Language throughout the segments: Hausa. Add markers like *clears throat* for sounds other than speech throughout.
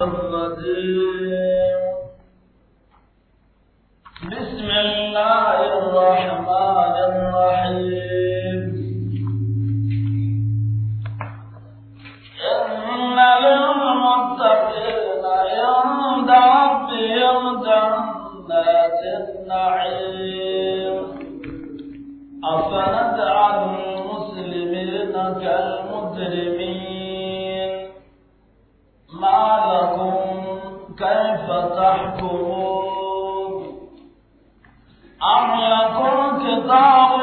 بسم اللہ الكروب أم يكون كتاب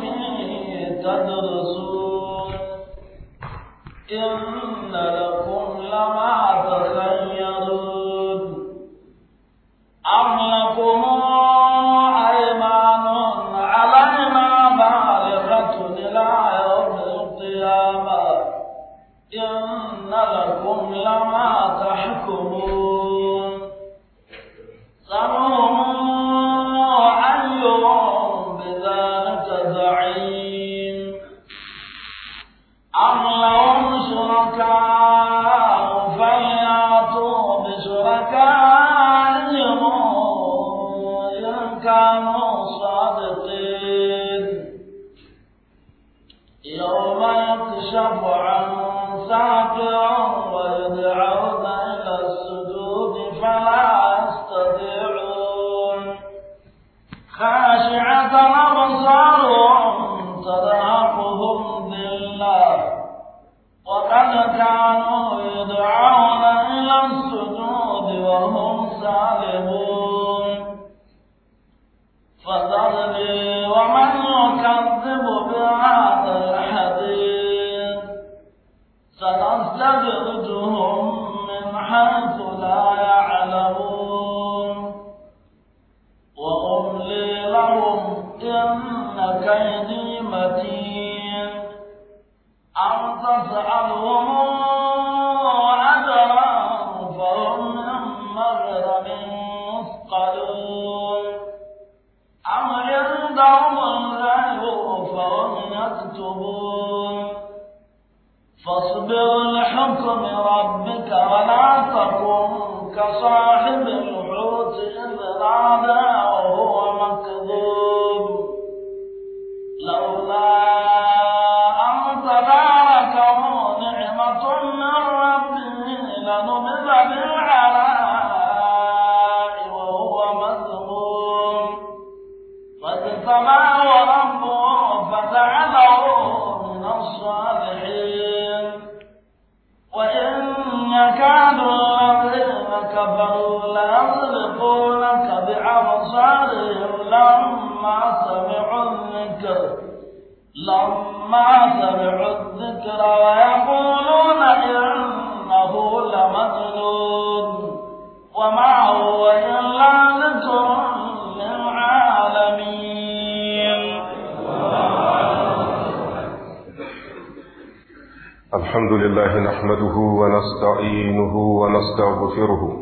فيه تدرسون إن لما سمعوا الذكر لما سمعوا الذكر ويقولون إنه لمجنون وما هو إلا ذكر للعالمين الحمد لله نحمده ونستعينه ونستغفره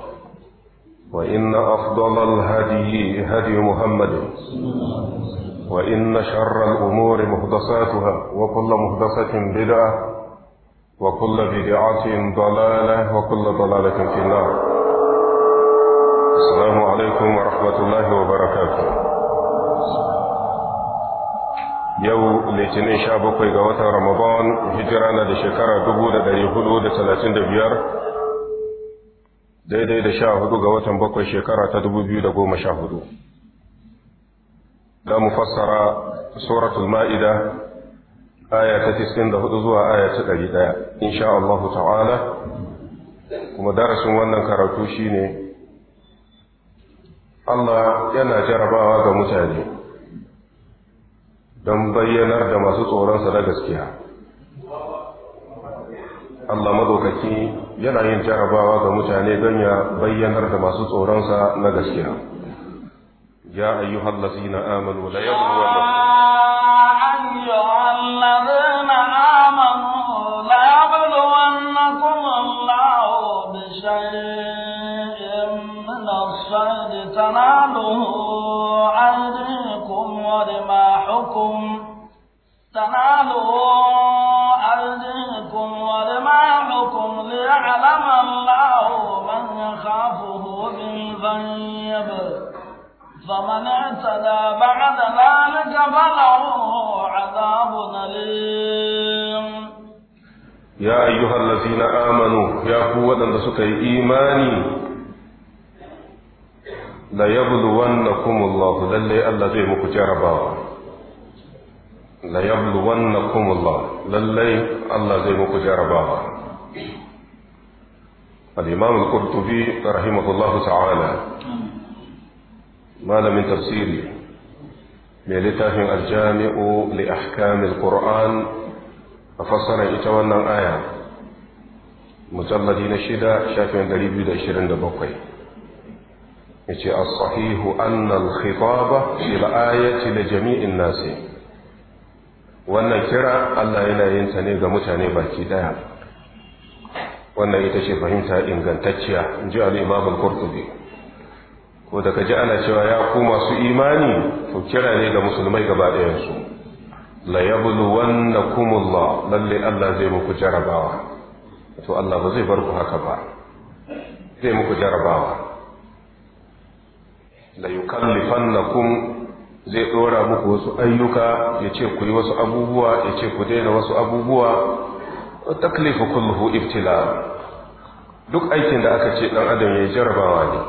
وإن أفضل الهدي هدي محمد وإن شر الأمور مهدساتها وكل مهدسة بدعة وكل بدعة ضلالة وكل ضلالة في النار السلام عليكم ورحمة الله وبركاته يو لتن شابك ويقوة رمضان هجرانا لشكرة دبودة ليهدو لثلاثين دبيار daidai da sha hudu ga watan bakwai shekara ta dubu biyu da goma sha hudu za mu fassara suratul ma'ida aya ta tisin da hudu zuwa aya ta ɗari ɗaya insha Allahu ta'ala kuma darasin wannan karatu shine Allah yana jarabawa ga mutane don bayyanar da masu tsoronsa na gaskiya Allah madaukaki yana yin jarabawa ga mutane don ya bayyanar da masu tsoronsa na gaskiya ya ayyuhallazina amanu la yabluwannakum الذين آمنوا يا قوة أن سكي إيماني لا يبلونكم الله للي الذي زي مكجربا لا يبلونكم الله للي الذي زي مكجربا الإمام القرطبي رحمه الله تعالى ما من تفسيري لتاهم الجامع لأحكام القرآن فصل إتوانا آيات mujalladi na shida shafin 227 yace as-sahihu anna al-khitaba ila ayati li jami'in nasi wannan kira Allah yana yin ta ga mutane baki daya wannan ita ce fahimta ingantacciya inji al-imam al-qurtubi ko da kaji ana cewa ya ku masu imani to kira ne ga musulmai gaba ɗayan su la yabluwannakumullah lalle Allah zai muku jarabawa to Allah ba zai bar ku haka ba zai muku jarabawa la yukallifannakum zai dora muku wasu ayyuka ya ce ku yi wasu abubuwa ya ce ku daina wasu abubuwa wa taklifu kulluhu ibtila duk aikin da aka ce dan adam ya jarabawa ne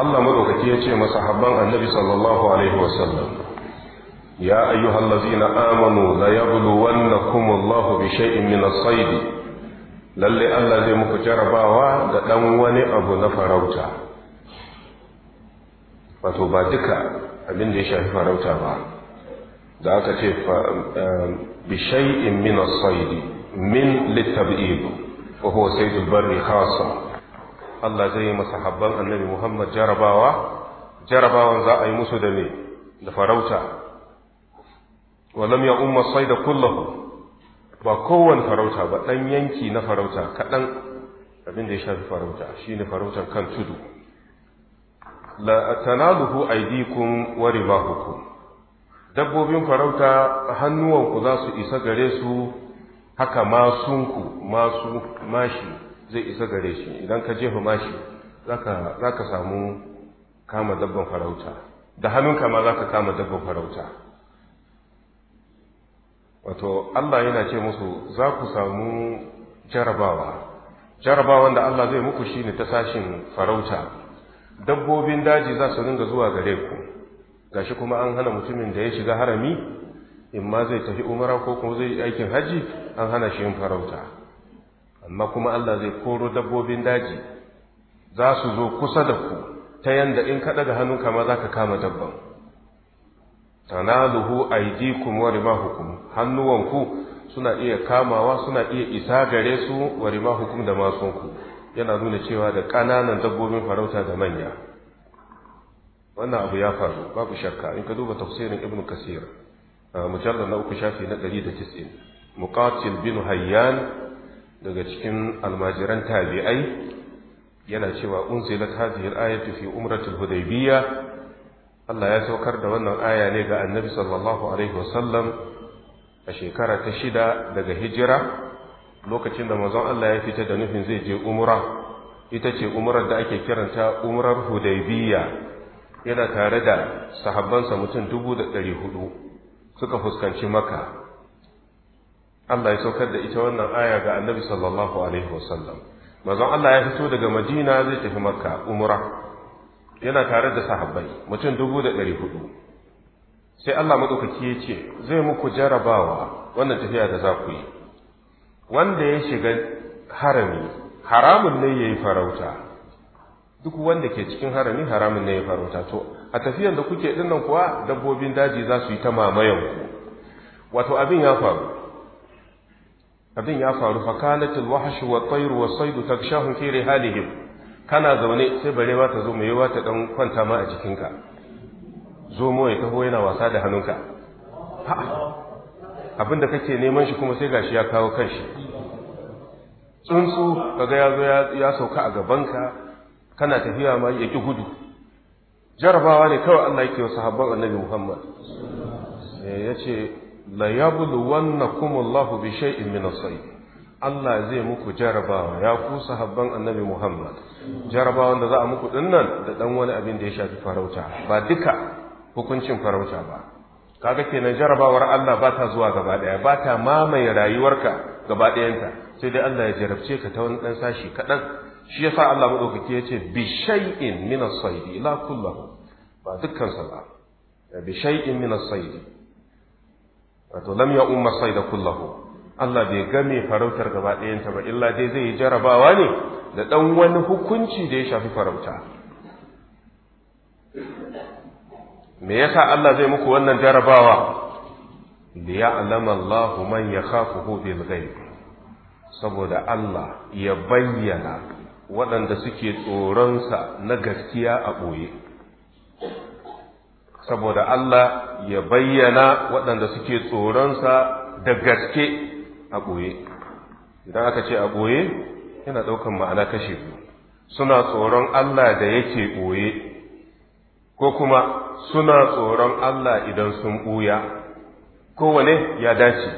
Allah madaukaki ya ce masahabban annabi sallallahu alaihi wasallam يا أيها الذين آمنوا ليبلونكم الله بشيء من الصيد lalle Allah zai muku jarabawa da ɗan wani abu na farauta wato ba duka abin da ya shafi farauta ba da aka ce bishai'in min saidi min littab'ib wa huwa saidul barri khasa Allah zai yi masahabban annabi Muhammad jarabawa za a yi musu da farauta walam ya umma saida kullahu ba kowane farauta ba ɗan yanki na farauta kaɗan abin da ya shafi farauta shine farautar kan tudu la tanaluhu aydikum wa ribahukum dabbobin farauta hannuwanku za su isa gare su haka masunku masu mashi zai isa gare shi idan ka jefa mashi za ka samu kama dabban farauta da hannunka ma za ka kama dabban farauta wato Allah yana ce musu za ku samu jarabawa jarabawan da Allah zai muku shi shine ta sashin farauta dabbobin daji za su ringa zuwa gare ku gashi kuma an hana mutumin da ya shiga harami in ma zai tafi umara ko kuma zai yi aikin haji an hana shi yin farauta amma kuma Allah zai koro dabbobin daji za su zo kusa da ku ta yanda in ka daga hannunka ma za ka kama dabban tanaluhu aydikum wa rimahukum hannuwanku suna iya kamawa suna iya isa gare su wa rimahukum da masunku yana nuna cewa da ƙananan dabbobin farauta da manya wannan abu ya faru babu shakka in ka duba tafsirin ibnu kasir mujallar na uku shafi na 190 muqatil bin hayyan daga cikin almajiran tabi'ai yana cewa unzilat hadhihi al-ayatu fi umratil hudaybiyya Allah ya saukar da wannan aya ne ga annabi sallallahu alaihi wasallam a shekara ta shida daga hijira lokacin da mazan Allah ya fita da nufin zai je umra ita ce umrar da ake kiranta umrar hudaybiya yana tare da sahabbansa mutum dubu da ɗari hudu suka fuskanci maka Allah ya saukar da ita wannan aya ga annabi sallallahu alaihi wasallam manzon Allah ya fito daga madina zai tafi makka umra yana tare da sahabbai mutum dubu da ɗari hudu sai Allah maɗaukaki ya ce zai muku jarabawa wannan tafiya da za ku yi wanda ya shiga harami haramun ne ya yi farauta duk wanda ke cikin harami haramun ne ya farauta to a tafiyan da kuke dinnan kuwa dabbobin daji za su yi ta mamayan ku wato abin ya faru abin ya faru fakalatul wahshu wat tayru was saydu takshahu fi rihalihim kana zaune sai barewa ta zo mai ta dan kwanta ma a jikinka mu ya taho yana wasa da hannunka da kake neman shi kuma sai gashi ya kawo kanshi tsuntsu kaga ya zo ya sauka a gaban ka. kana tafiya ma ya ki gudu jarabawa ne kawai Allah yake wa sahabban annabi Muhammad eh, ya ce la yabluwannakum Allahu bi shay'in min as sayyi Allah zai muku jarabawa ya ku sahabban annabi Muhammad jarabawan da za a muku dinnan da dan wani abin da ya shafi farauta ba duka hukuncin farauta ba kaga kenan jarabawar Allah ba ta zuwa gaba daya ba ta mamaye rayuwarka gaba dayanta sai dai Allah ya jarabce ka ta wani dan sashi kadan shi yasa Allah madaukaki ya ce bi shay'in min as-sayd la kullahu ba dukkan sa ba bi shay'in min as-sayd wato lam ya umma kullahu Allah bai game farautar gaba ɗayanta ba illa dai zai yi jarabawa ne da ɗan wani hukunci da ya shafi farauta me yasa Allah zai muku wannan jarabawa ya alama Allah man kafu bil ghaib saboda Allah ya bayyana waɗanda suke tsoronsa na gaskiya a ɓoye saboda Allah ya bayyana waɗanda suke tsoronsa da gaske a ɓoye idan aka ce a ɓoye yana ɗaukan ma'ana kashe biyu suna tsoron Allah da yake ɓoye ko kuma suna tsoron Allah idan sun ɓuya kowane ya dace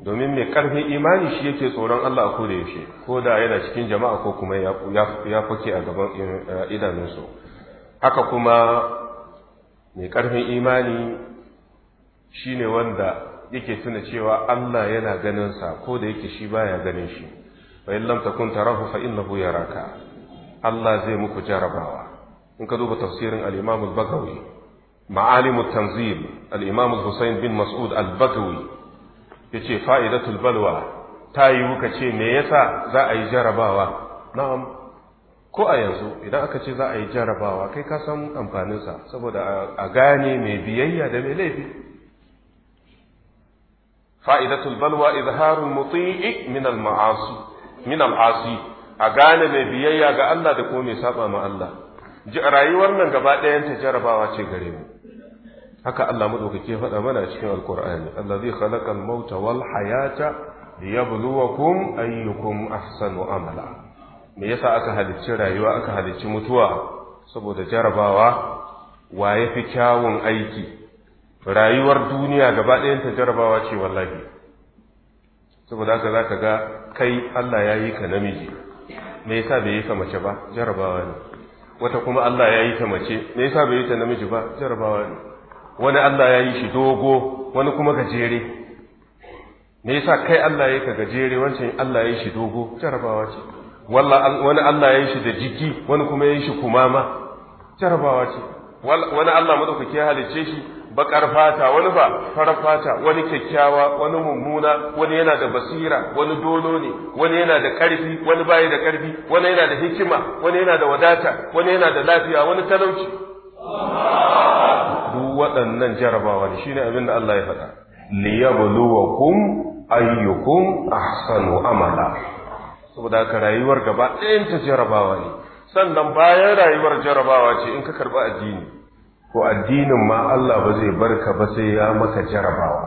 domin mai ƙarfin imani shi yake tsoron Allah a koda yaushe ko da yana cikin jama'a ko kuma ya fake a gaban eh, idanunsu haka kuma mai ƙarfin imani shi ne wanda yake tuna cewa Allah yana ganin sa ko da yake shi baya ganin shi wa in lam takun tarahu fa innahu yaraka Allah zai muku jarabawa in ka duba tafsirin al-Imam al baghawi ma'alim at-tanzil al-Imam al-Husayn bin Mas'ud al baghawi yace fa'idatul balwa ta yi wuka ce me yasa za a yi jarabawa na'am ko a yanzu idan aka ce za a yi jarabawa kai ka san amfaninsa saboda a gane mai biyayya da mai laifi fa'idatul balwa izharul muti'i min min al a gane mai biyayya ga Allah da kuma mai saba ma Allah rayuwar nan gaba ɗayan ta jarabawa ce gare mu haka Allah madaukake faɗa mana cikin alqur'ani allazi khalaqal mauta wal hayata liyabluwakum ayyukum ahsanu amala me yasa aka halicci rayuwa aka halicci mutuwa saboda jarrabawa wa yafi kyawun aiki rayuwar duniya gaba ɗayanta jarabawa ce wallahi saboda haka za ka ga kai Allah ya yi ka namiji me yasa bai yi ka mace ba jarabawa ne wata kuma Allah ya yi ka mace me yasa bai yi ta namiji ba jarabawa ne wani Allah ya yi shi dogo wani kuma gajere me yasa kai Allah ya yi ka gajere wancan Allah ya yi shi dogo jarabawa ce wani Allah ya yi shi da jiki wani kuma ya yi shi kumama jarabawa ce wani Allah madaukaki ya halicce shi bakar fata wani ba farar fata wani kyakkyawa wani mummuna wani yana da basira wani dolo ne wani yana da karfi wani baya da karfi wani yana da hikima wani yana da wadata wani yana da lafiya wani talauci duk waɗannan jarabawa ne shine abin da Allah ya faɗa liyabluwakum ayyukum ahsanu amala saboda ka rayuwar gaba ɗayan ta jarabawa ne sannan bayan rayuwar jarabawa ce in ka karɓi addini ko addinin ma Allah ba zai barka ba sai ya maka jarabawa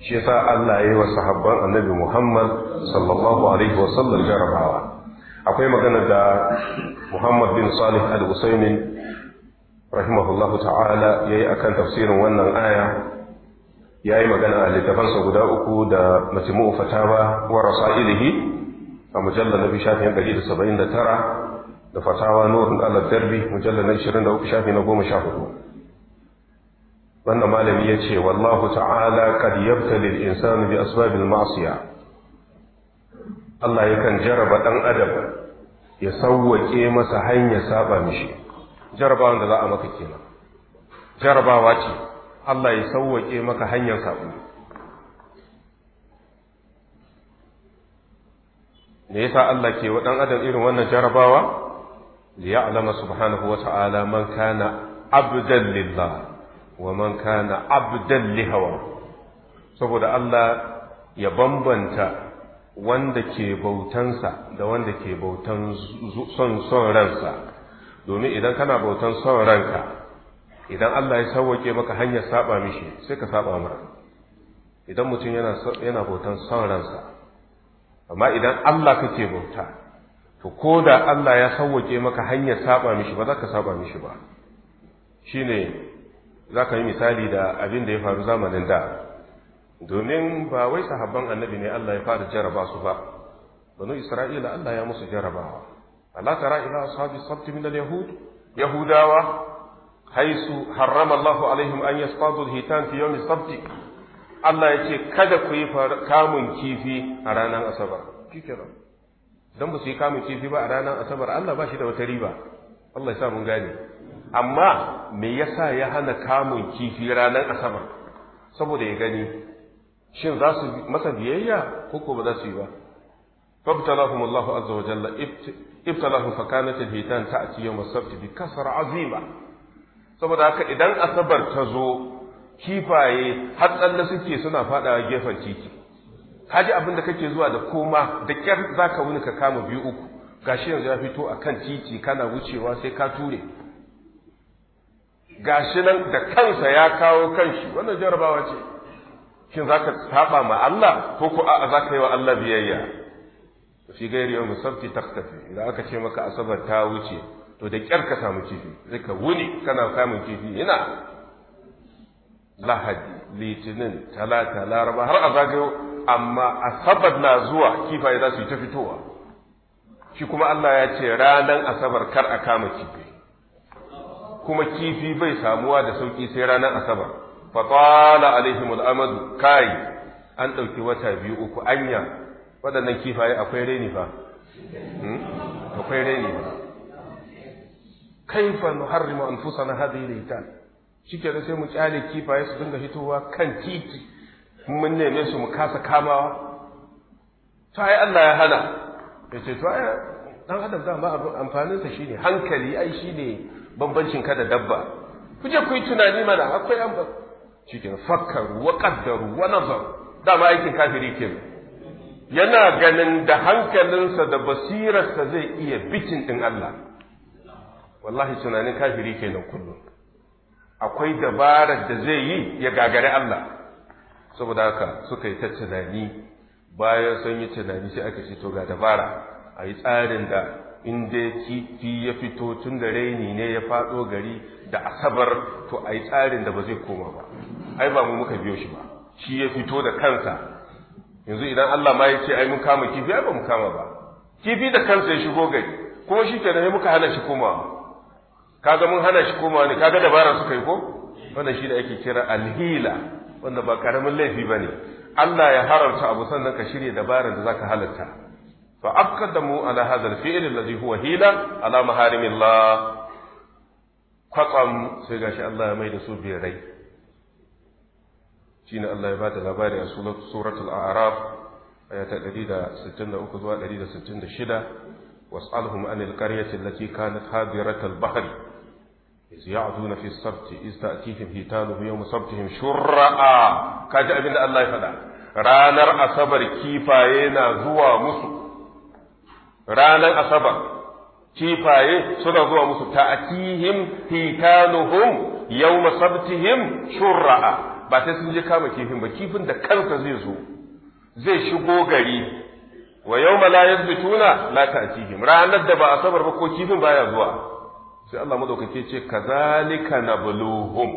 shi yasa Allah ya yi wa sahabban annabi Muhammad sallallahu alaihi wa sallam jarabawa akwai magana da Muhammad bin Salih al-Usaimin rahimahullahu ta'ala yayi akan tafsirin wannan aya yayi magana a sa guda uku da majmu'u fatawa wa rasailihi a mujallal na 1979 da fatawa nurun ala darbi mujallar na 23 shafi na 14 wannan malami ya ce wallahu ta'ala kad yabtali al-insanu bi asbabil ma'siya Allah yakan jaraba dan adam ya sawwake masa hanya saba mishi jarabawan da za a maka kenan jarabawa ce Allah ya sawwake maka hanyar sabo me yasa Allah ke wa dan adam irin wannan jarabawa ليعلم subhanahu wa ta'ala كان عبدا لله ومن wa عبدا لهوى saboda Allah ya bambanta wanda ke bautansa da wanda ke bautan son son ransa domin idan kana bautan son ranka idan Allah ya sauwake maka hanyar saba mishi sai ka saba mara idan mutum yana bautan son ransa amma idan Allah kake bauta to ko da Allah ya sauwake maka hanyar saba mishi ba za ka saba mishi ba shi ne za ka yi misali da abin da ya faru zamanin da domin ba wai sahabban annabi ne Allah ya fara jaraba su ba banu isra'ila Allah ya musu jarabawa ala tara ila ashabi sabt min al-yahud yahudawa haisu harrama Allah alaihim an yasqadu al-hitan fi yawm as-sabt Allah ya ce kada ku yi kamun kifi a ranar asabar ran don ba su yi kamun kifi ba a ranar asabar Allah ba shi da wata riba Allah ya sa mun gane amma me yasa ya hana kamun kifi ranar asabar saboda ya gani shin za su masa biyayya ko ko ba za su yi ba فابتلاهم fa kanat al-hitan ta'ti yawm as-sabt bi kasra azima. saboda haka idan asabar ta zo kifaye har tsalle suke suna faɗawa gefen titi ji abin da kake zuwa da koma da kyar za ka wuni ka kama biyu uku gashi yanzu ya fito a kan titi kana wucewa sai ka ture gashi nan da kansa ya kawo kanshi wannan jarabawa ce shin ka saba ma Allah ko ko a'a ka yi wa Allah biyayya fi gairi yau musabti taktafi idan aka ce maka asabar ta wuce to da kyar ka samu kifi sai ka wuni kana samun kifi yana lahadi litinin talata laraba har a zagayo amma asabar na zuwa kifaye za su yi ta fitowa shi kuma Allah ya ce ranar asabar kar a kama kifi kuma kifi bai samuwa da sauki sai ranar asabar fatala alaihim al'amadu kai an ɗauki wata biyu uku anya waɗannan kifaye akwai reni fa hmm? akwai reni fa kaifa nuharrimu anfusana hadhihi litan shike sai mu kyale kifaye su dinga hitowa kan titi in mun neme su mu kasa kamawa to ai Allah ya hana ya ce to ai dan adam ba abin amfaninsa shine hankali ai shine bambancin ka da dabba ku je ku yi tunani mana akwai an ba cikin fakkar wa qaddaru wa da ma aikin kafiri ke yana ganin da hankalinsa da basirarsa zai iya bikin ɗin Allah wallahi tunanin kafiri kenan kullum akwai dabarar da zai yi ya gagari Allah saboda haka suka yi ta tunani bayan sun yi tunani sai aka ce to ga dabara a yi tsarin da in dai kifi ya fito tun da raini ne ya faɗo gari da asabar to a yi tsarin da ba zai koma ba ai ba mu muka biyo shi ba shi ya fito da kansa yanzu idan Allah ma ya ce ai mun kama kifi ai ba mu kama ba kifi da kansa ya shigo gari kuma shi kenan muka hana shi komawa kaga mun hana shi komawa ne kaga dabara suka yi ko wannan shi da ake kira alhila wanda ba karamin laifi ba ne. Allah ya haramta abu sannan ka shirya dabarar da zaka halatta fa aqaddamu ala hadha al-fi'l alladhi huwa hila ala maharimillah kwatsam sai gashi Allah ya maida da su birai shine Allah ya bada labari a suratul a'raf aya ta 163 zuwa 166 was'alhum anil qaryati allati kanat hadirat al-bahri iz ya'duna fi sabti iz ta'tihim hitanuhu yawm sabtihim shurra'a kaji abinda Allah ya faɗa ranar asabar kifaye na zuwa musu ranar asabar kifaye suna zuwa musu ta'tihim hitanuhum yawm sabtihim shurra'a ba sai sun je kama kifin ba kifin da kansa zai zo zai shigo gari wa yau la yazbituna la ta'tihim ranar da ba asabar ba ko kifin baya zuwa sai Allah madaukake ce kazalika nabluhum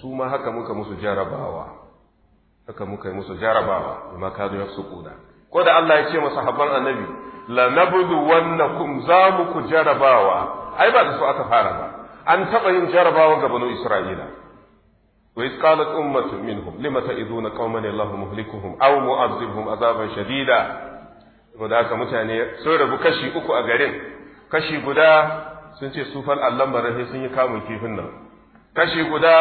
su ma haka muka musu jarabawa haka muka musu jarabawa bima kadu yafsuquna ko da Allah ya ce masa habban annabi la nabdu wannakum za mu ku jarabawa ai ba da su aka fara ba an taba yin jarabawa ga banu Isra'ila wa iz qalat ummatun minhum lima ta'iduna qauman Allahu muhlikuhum aw mu'adzibuhum azaban shadida saboda haka mutane sun rabu kashi uku a garin kashi guda sun ce sufan allon barafe sun yi kamun kifin nan kashi guda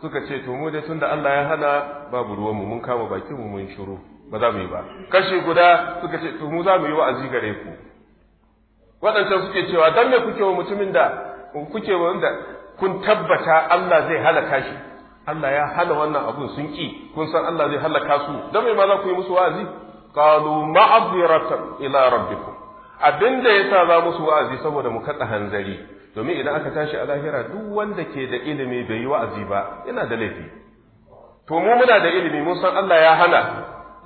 suka ce to mu dai da Allah ya hana babu ruwanmu mun kama bakin mu mun shiru ba za mu yi ba kashi guda suka ce to mu za mu yi wa'azi gare ku waɗancan suke cewa dan me kuke wa mutumin da kuke wanda kun tabbata Allah zai halaka shi Allah ya hana wannan abun sun ki kun san Allah zai halaka su dan me ma za ku yi musu wa'azi qalu ma'dhiratan ila rabbikum abin da ya sa za su wa'azi saboda mu kaɗa hanzari domin idan aka tashi a lahira duk wanda ke da ilimi bai yi wa'azi ba yana da laifi to mu muna da ilimi mun san Allah ya hana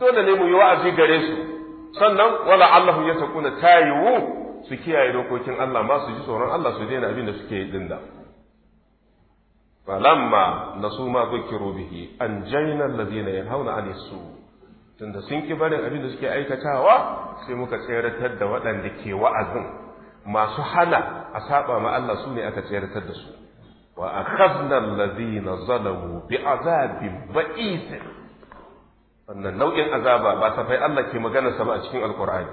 dole ne mu yi wa'azi gare su sannan wala Allah ya takuna tayiwu su kiyaye dokokin Allah masu ji tsoron Allah su daina abin da suke yi dinda falamma nasu ma zukiru bihi anjayna alladhina yanhauna 'anil su' tunda sun ki barin abin da suke aikatawa sai muka tseratar da waɗanda ke wa'azin masu hana a saba ma Allah su ne aka tseratar da su wa akhadna alladhina zalamu bi azabin ba'is wannan nau'in azaba ba fai Allah ke magana sa ba a cikin alkur'ani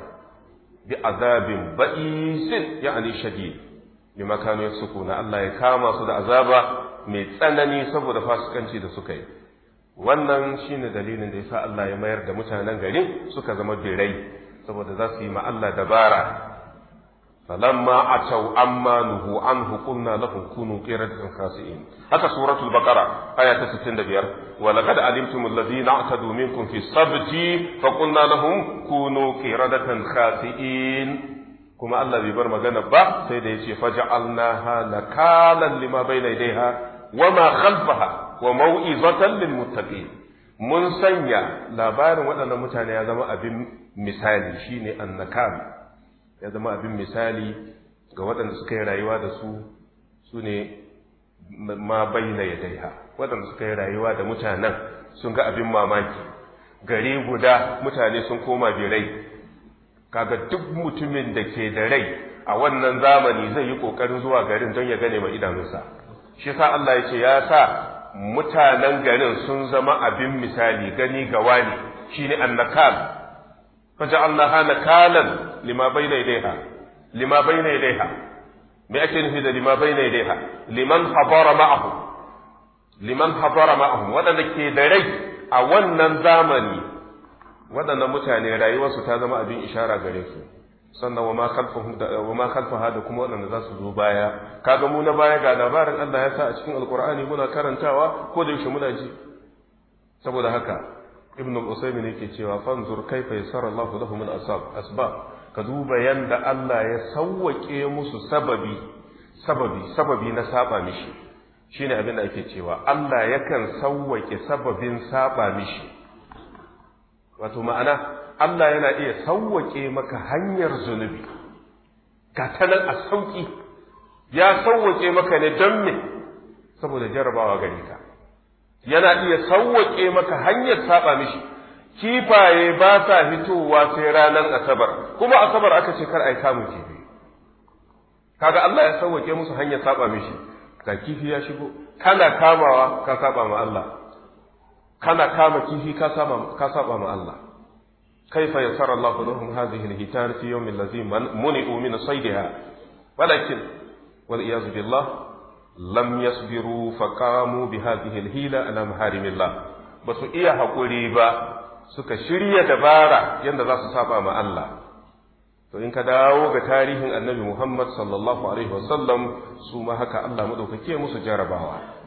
bi azabin ba'is ya'ani shadid lima kanu yasukuna Allah ya kama su da azaba mai tsanani saboda fasikanci da suka yi wannan shine dalilin da yasa Allah ya mayar da mutanen garin suka zama birai saboda za su yi ma Allah dabara falamma atau amma nuhu anhu qulna lahum kunu qiradatan khasi'in haka suratul bakara aya ta 65 wa laqad alimtum alladhina atadu minkum fi sabti fa qulna lahum kunu qiradatan khasi'in kuma Allah bai bar magana ba sai da yace faj'alnaha nakalan lima bayna yadayha wa ma khalfaha wa mau'izatan lil muttaqin mun sanya labarin waɗannan mutane ya zama abin misali shine annakam ya zama abin misali ga waɗanda suka yi rayuwa da su su ne ma bayyana ya daiha waɗanda suka yi rayuwa da mutanen sun ga abin mamaki gare guda mutane sun koma birai kaga duk mutumin da ke da rai a wannan zamani zai yi ƙoƙarin zuwa garin don ya gane ma idanunsa shi sa Allah ya ce ya sa mutanen garin sun zama abin misali gani ga wani shine Allah faja'alnaha nakalan lima bayna yadayha lima bayna yadayha me ake nufi da lima bayna yadayha liman habara ma'ahu liman habara ma'ahu wadanda ke da rai a wannan zamani waɗannan mutane rayuwarsu ta zama abin ishara gare su sannan wa ma khalfahum wa ma khalfaha da kuma waɗanda za su zo baya kaga mu na baya ga labarin Allah ya sa a cikin alqur'ani muna karantawa ko da yaushe muna ji saboda haka ibn al-usaymin yake cewa fanzur kaifa yasara Allah lahum al-asab asbab ka duba yanda Allah ya sawwake musu sababi sababi sababi na saba mishi shine abin da ake cewa Allah yakan sawwake sababin saba mishi wato ma'ana Allah yana iya sauwake maka hanyar zunubi ga tanan a sauki ya sauwake maka ne don me saboda jarabawa gare ka yana iya sauwake maka hanyar saba mishi kifaye ba sa fitowa sai ranar asabar kuma asabar aka ce kar a yi kifi kaga Allah ya sauwake musu hanyar saba mishi ga kifi ya shigo kana kamawa ka saba ma Allah kana kama kifi ka saba ma Allah kaifa yasara Allahu lahum hadhihi al-hitar fi yawmin allazi muni'u min saydiha walakin wal iyaz billah lam yasbiru faqamu bi hadhihi al-hila ala maharimillah basu iya hakuri ba suka shirya dabara yanda za su saba ma Allah to in ka dawo ga tarihin annabi Muhammad sallallahu alaihi sallam, su ma haka Allah madaukake musu jarabawa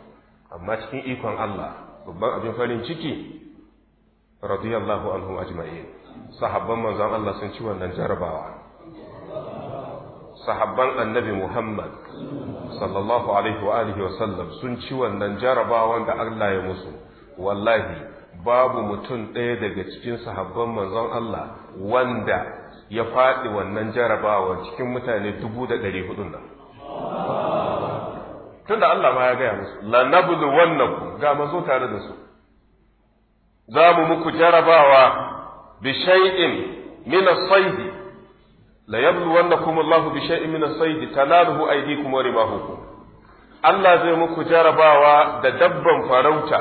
amma cikin ikon Allah babban abin farin ciki radiyallahu anhum ajma'in sahabban manzon Allah sun ci wannan jarabawa sahabban annabi Muhammad sallallahu alaihi wa alihi wa sallam sun ci wannan jarabawan da Allah ya musu wallahi babu mutum ɗaya daga cikin sahabban manzon Allah wanda ya faɗi wannan jarabawa cikin mutane dubu da ɗari hudun nan tunda Allah ma ya gaya musu wannakum ga mazo tare da su za mu muku jarabawa bi shay'in min as-sayd la wannakum Allah bi shay'in min as-sayd tanaluhu aydikum wa rimahukum Allah zai muku jarabawa da dabban farauta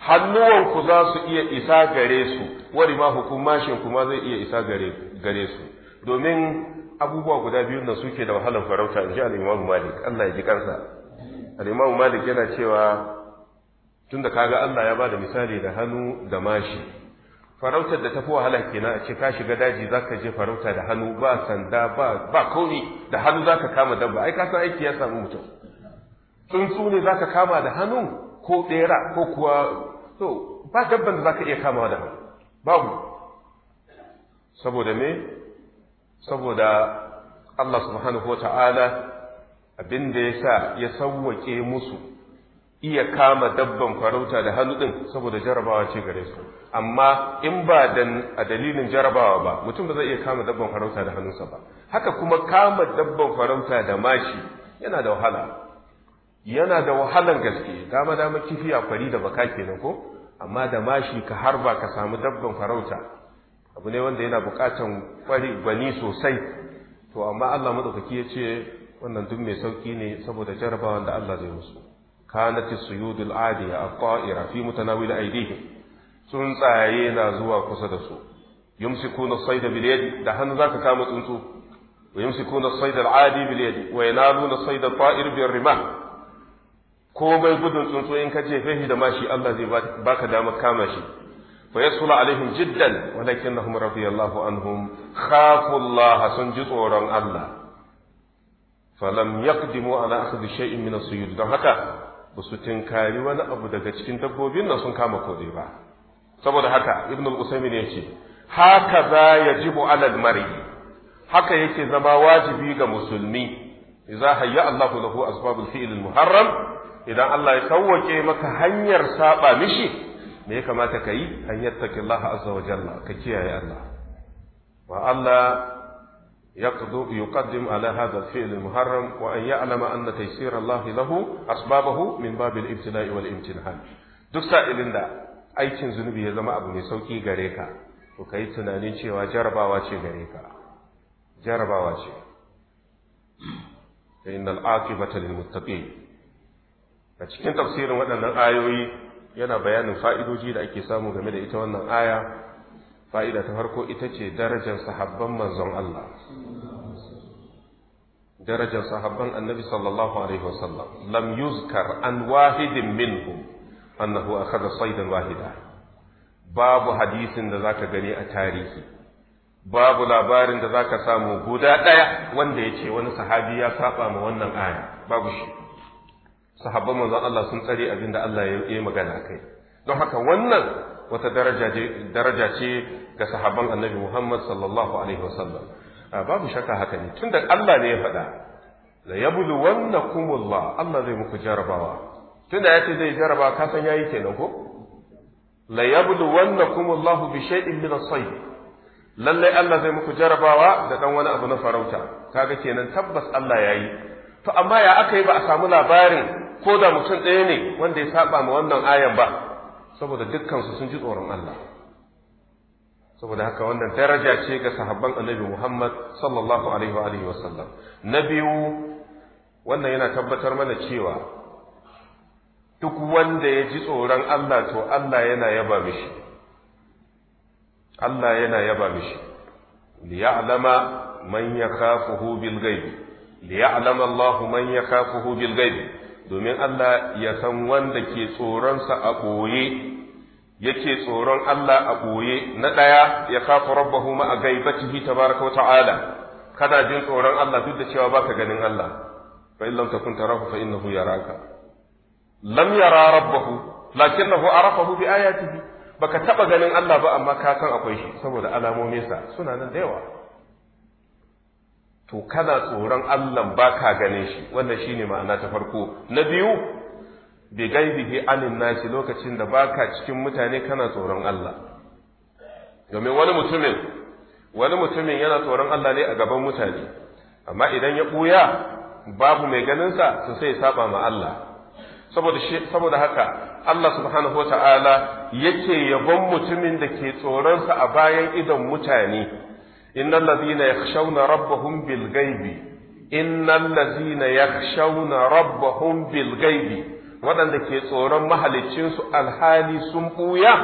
hannuwanku za su iya isa gare su wa rimahukum mashin kuma zai iya isa gare gare su domin abubuwa guda biyun nan suke da wahalar farauta in ji al-Imam Malik Allah ya ji kansa al'imamu malik yana cewa tunda kaga Allah ya bada misali da hannu da mashi farautar da tafi wahala kenan a ce ka shiga daji zaka je farauta da hannu ba sanda ba ba da hannu zaka kama dabba ai ka san aiki ya samu mutum tsuntsu ne zaka kama da hannu ko ɗera ko kuwa to ba dabban da zaka iya kamawa da hannu babu saboda me saboda Allah subhanahu wa ta'ala abin da ya sa ya sauwake musu iya kama dabban farauta da hannu ɗin saboda jarabawa ce gare su amma in ba a dalilin jarabawa ba mutum ba zai iya kama dabban farauta da hannunsa ba haka kuma kama dabban farauta da mashi yana da wahala yana da wahalan gaske dama dama kifi a fari da baka kenan ko amma da mashi ka harba ka samu dabban farauta abu ne wanda yana bukatan kwari gwani sosai to amma Allah madaukaki ya ce wannan duk mai sauki ne saboda jarabawan da Allah zai musu kanat suyudul adi at-ta'ira fi mutanawil aydihim tsuntsaye na zuwa kusa da su yumsikuna as-sayda bil yadi da hannu zaka kama tsuntsu wa yumsikuna as-sayda al-adi bil yadi wa yanaluna as-sayda at-ta'ir bir rimah komai gudun tsuntsu in ka jefe shi da mashi Allah zai baka damar kama shi fa yasulu alaihim jiddan walakinnahum radiyallahu anhum khafu Allah sun ji tsoron Allah falam yaqdimu ala akhdhi shay'in min as-suyud don haka ba su tinkari wani abu daga cikin dabbobin nan sun kama kodai ba saboda haka ibn al-usaymin yace haka za yajibu ala al-mari haka yake zama wajibi ga musulmi idza hayya Allahu lahu asbabul fi'l al-muharram idan Allah ya sauwake maka hanyar saba mishi me ya kamata ka yi an yattaki Allah azza wa jalla ka kiyaye Allah wa Allah يقدم على هذا الفعل المحرم وأن يعلم أن تيسير الله له أسبابه من باب الابتلاء والامتحان duk sa'ilin da aikin zunubi ya zama abu mai sauki gare ka to kai tunanin cewa jarabawa ce gare ka jarabawa ce fa innal aqibata lil muttaqin a cikin tafsirin waɗannan ayoyi yana bayanin fa'idoji da ake samu game da ita wannan aya fa'ida ta farko ita ce darajar sahabban manzon Allah darajar sahabban annabi sallallahu alaihi wasallam lam yuzkar an wahidin minhum annahu akhadha saydan wahida babu hadisin da zaka gani a tarihi babu labarin da zaka samu guda daya wanda yace wani sahabi ya saba ma wannan aya babu shi sahabban manzon Allah sun tsare abinda Allah ya yi magana kai don haka wannan wata daraja ce ga sahaban annabi Muhammad sallallahu alaihi wasallam babu shakka haka ne tunda Allah ne ya faɗa la yabluwannakumullah Allah zai muku jarabawa tunda ya ce zai jaraba ka san yayi kenan ko la yabluwannakumullah bi shay'in min as-sayd lalle Allah zai muku jarabawa da dan wani abu na farauta kaga kenan tabbas Allah yayi to amma ya aka yi ba a samu labarin ko da mutum ɗaya ne wanda ya saba ma wannan ayan ba saboda dukkansu sun ji tsoron Allah saboda haka wannan daraja ce ga sahabban annabi Muhammad sallallahu alaihi wa alihi wasallam na biyu wannan yana tabbatar mana cewa duk wanda ya ji tsoron Allah to Allah yana yaba mishi Allah yana yaba mishi liya'lama man yakhafuhu bil ghaibi liya'lama Allah man yakhafuhu bil ghaibi domin Allah ya san wanda ke tsoronsa a ɓoye yake tsoron Allah a ɓoye na ɗaya ya kafa rabbahu ma a gaibatihi tabaraka ta'ala kana jin tsoron Allah duk da cewa baka ganin Allah fa illam takun tarahu fa innahu yaraka lam yara rabbahu lakinnahu arafahu bi ayatihi baka taba ganin Allah ba amma ka san akwai shi saboda sa suna nan da yawa to kana tsoron Allah baka ganin shi wannan shine ma'ana ta farko na biyu bi gaibihi anin nasi lokacin da baka cikin mutane kana tsoron Allah domin wani mutumin wani mutumin yana tsoron Allah ne a gaban mutane amma idan ya buya babu mai ganinsa to sai ya saba ma Allah saboda saboda haka Allah subhanahu wata'ala yake yabon mutumin da ke tsoron sa a bayan idon mutane innal ladina yakhshawna rabbahum bil ghaibi innal ladina yakhshawna rabbahum bil ghaibi waɗanda ke tsoron mahaliccinsu alhali sun buya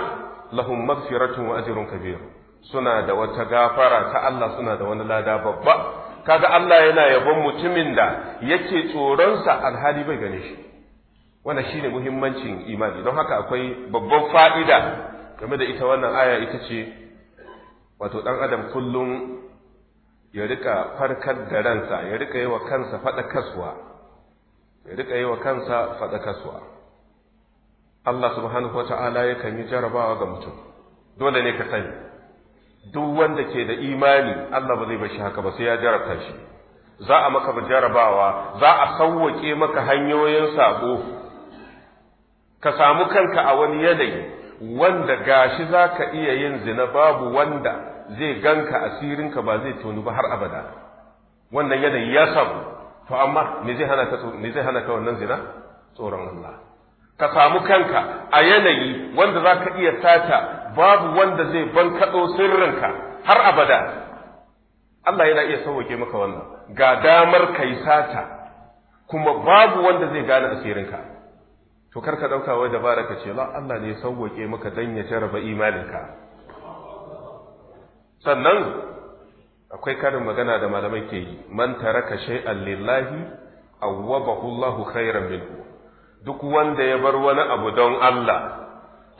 lahum maghfiratun wa ajrun kabir suna da wata gafara ta Allah suna da wani lada babba kaga Allah yana yabon mutumin da yake tsoronsa alhali bai gane shi wannan shine muhimmancin imani don haka akwai babban fa'ida game da ita wannan aya ita ce wato dan adam kullum ya rika farkar da ransa ya rika yi wa kansa faɗa kaswa ya rika yi wa kansa faɗakaswa Allah subhanahu wata'ala ya kan yi jarabawa ga mutum dole ne ka sani duk wanda ke da imani Allah ba zai bashi haka ba sai ya jarabta shi za a maka jarabawa za a sauwake maka hanyoyin sabo ka samu kanka a wani yanayi wanda gashi za ka iya yin zina babu wanda zai ganka asirinka ba zai tuni ba har abada wannan yanayi ya samu to amma me zai hana ka me zai hana ka wannan zina tsoron Allah ka samu kanka a yanayi wanda za ka iya sata babu wanda zai bankaɗo sirrinka har abada Allah yana iya sauwake maka wannan ga damar kai sata kuma babu wanda zai gane asirinka to karka ɗauka wai dabara ka ce la Allah ne ya maka dan ya jarraba imaninka sannan akwai karin magana da malamai ke yi man taraka shay'an lillahi awwabahu Allahu khairan minhu duk wanda ya bar wani abu don Allah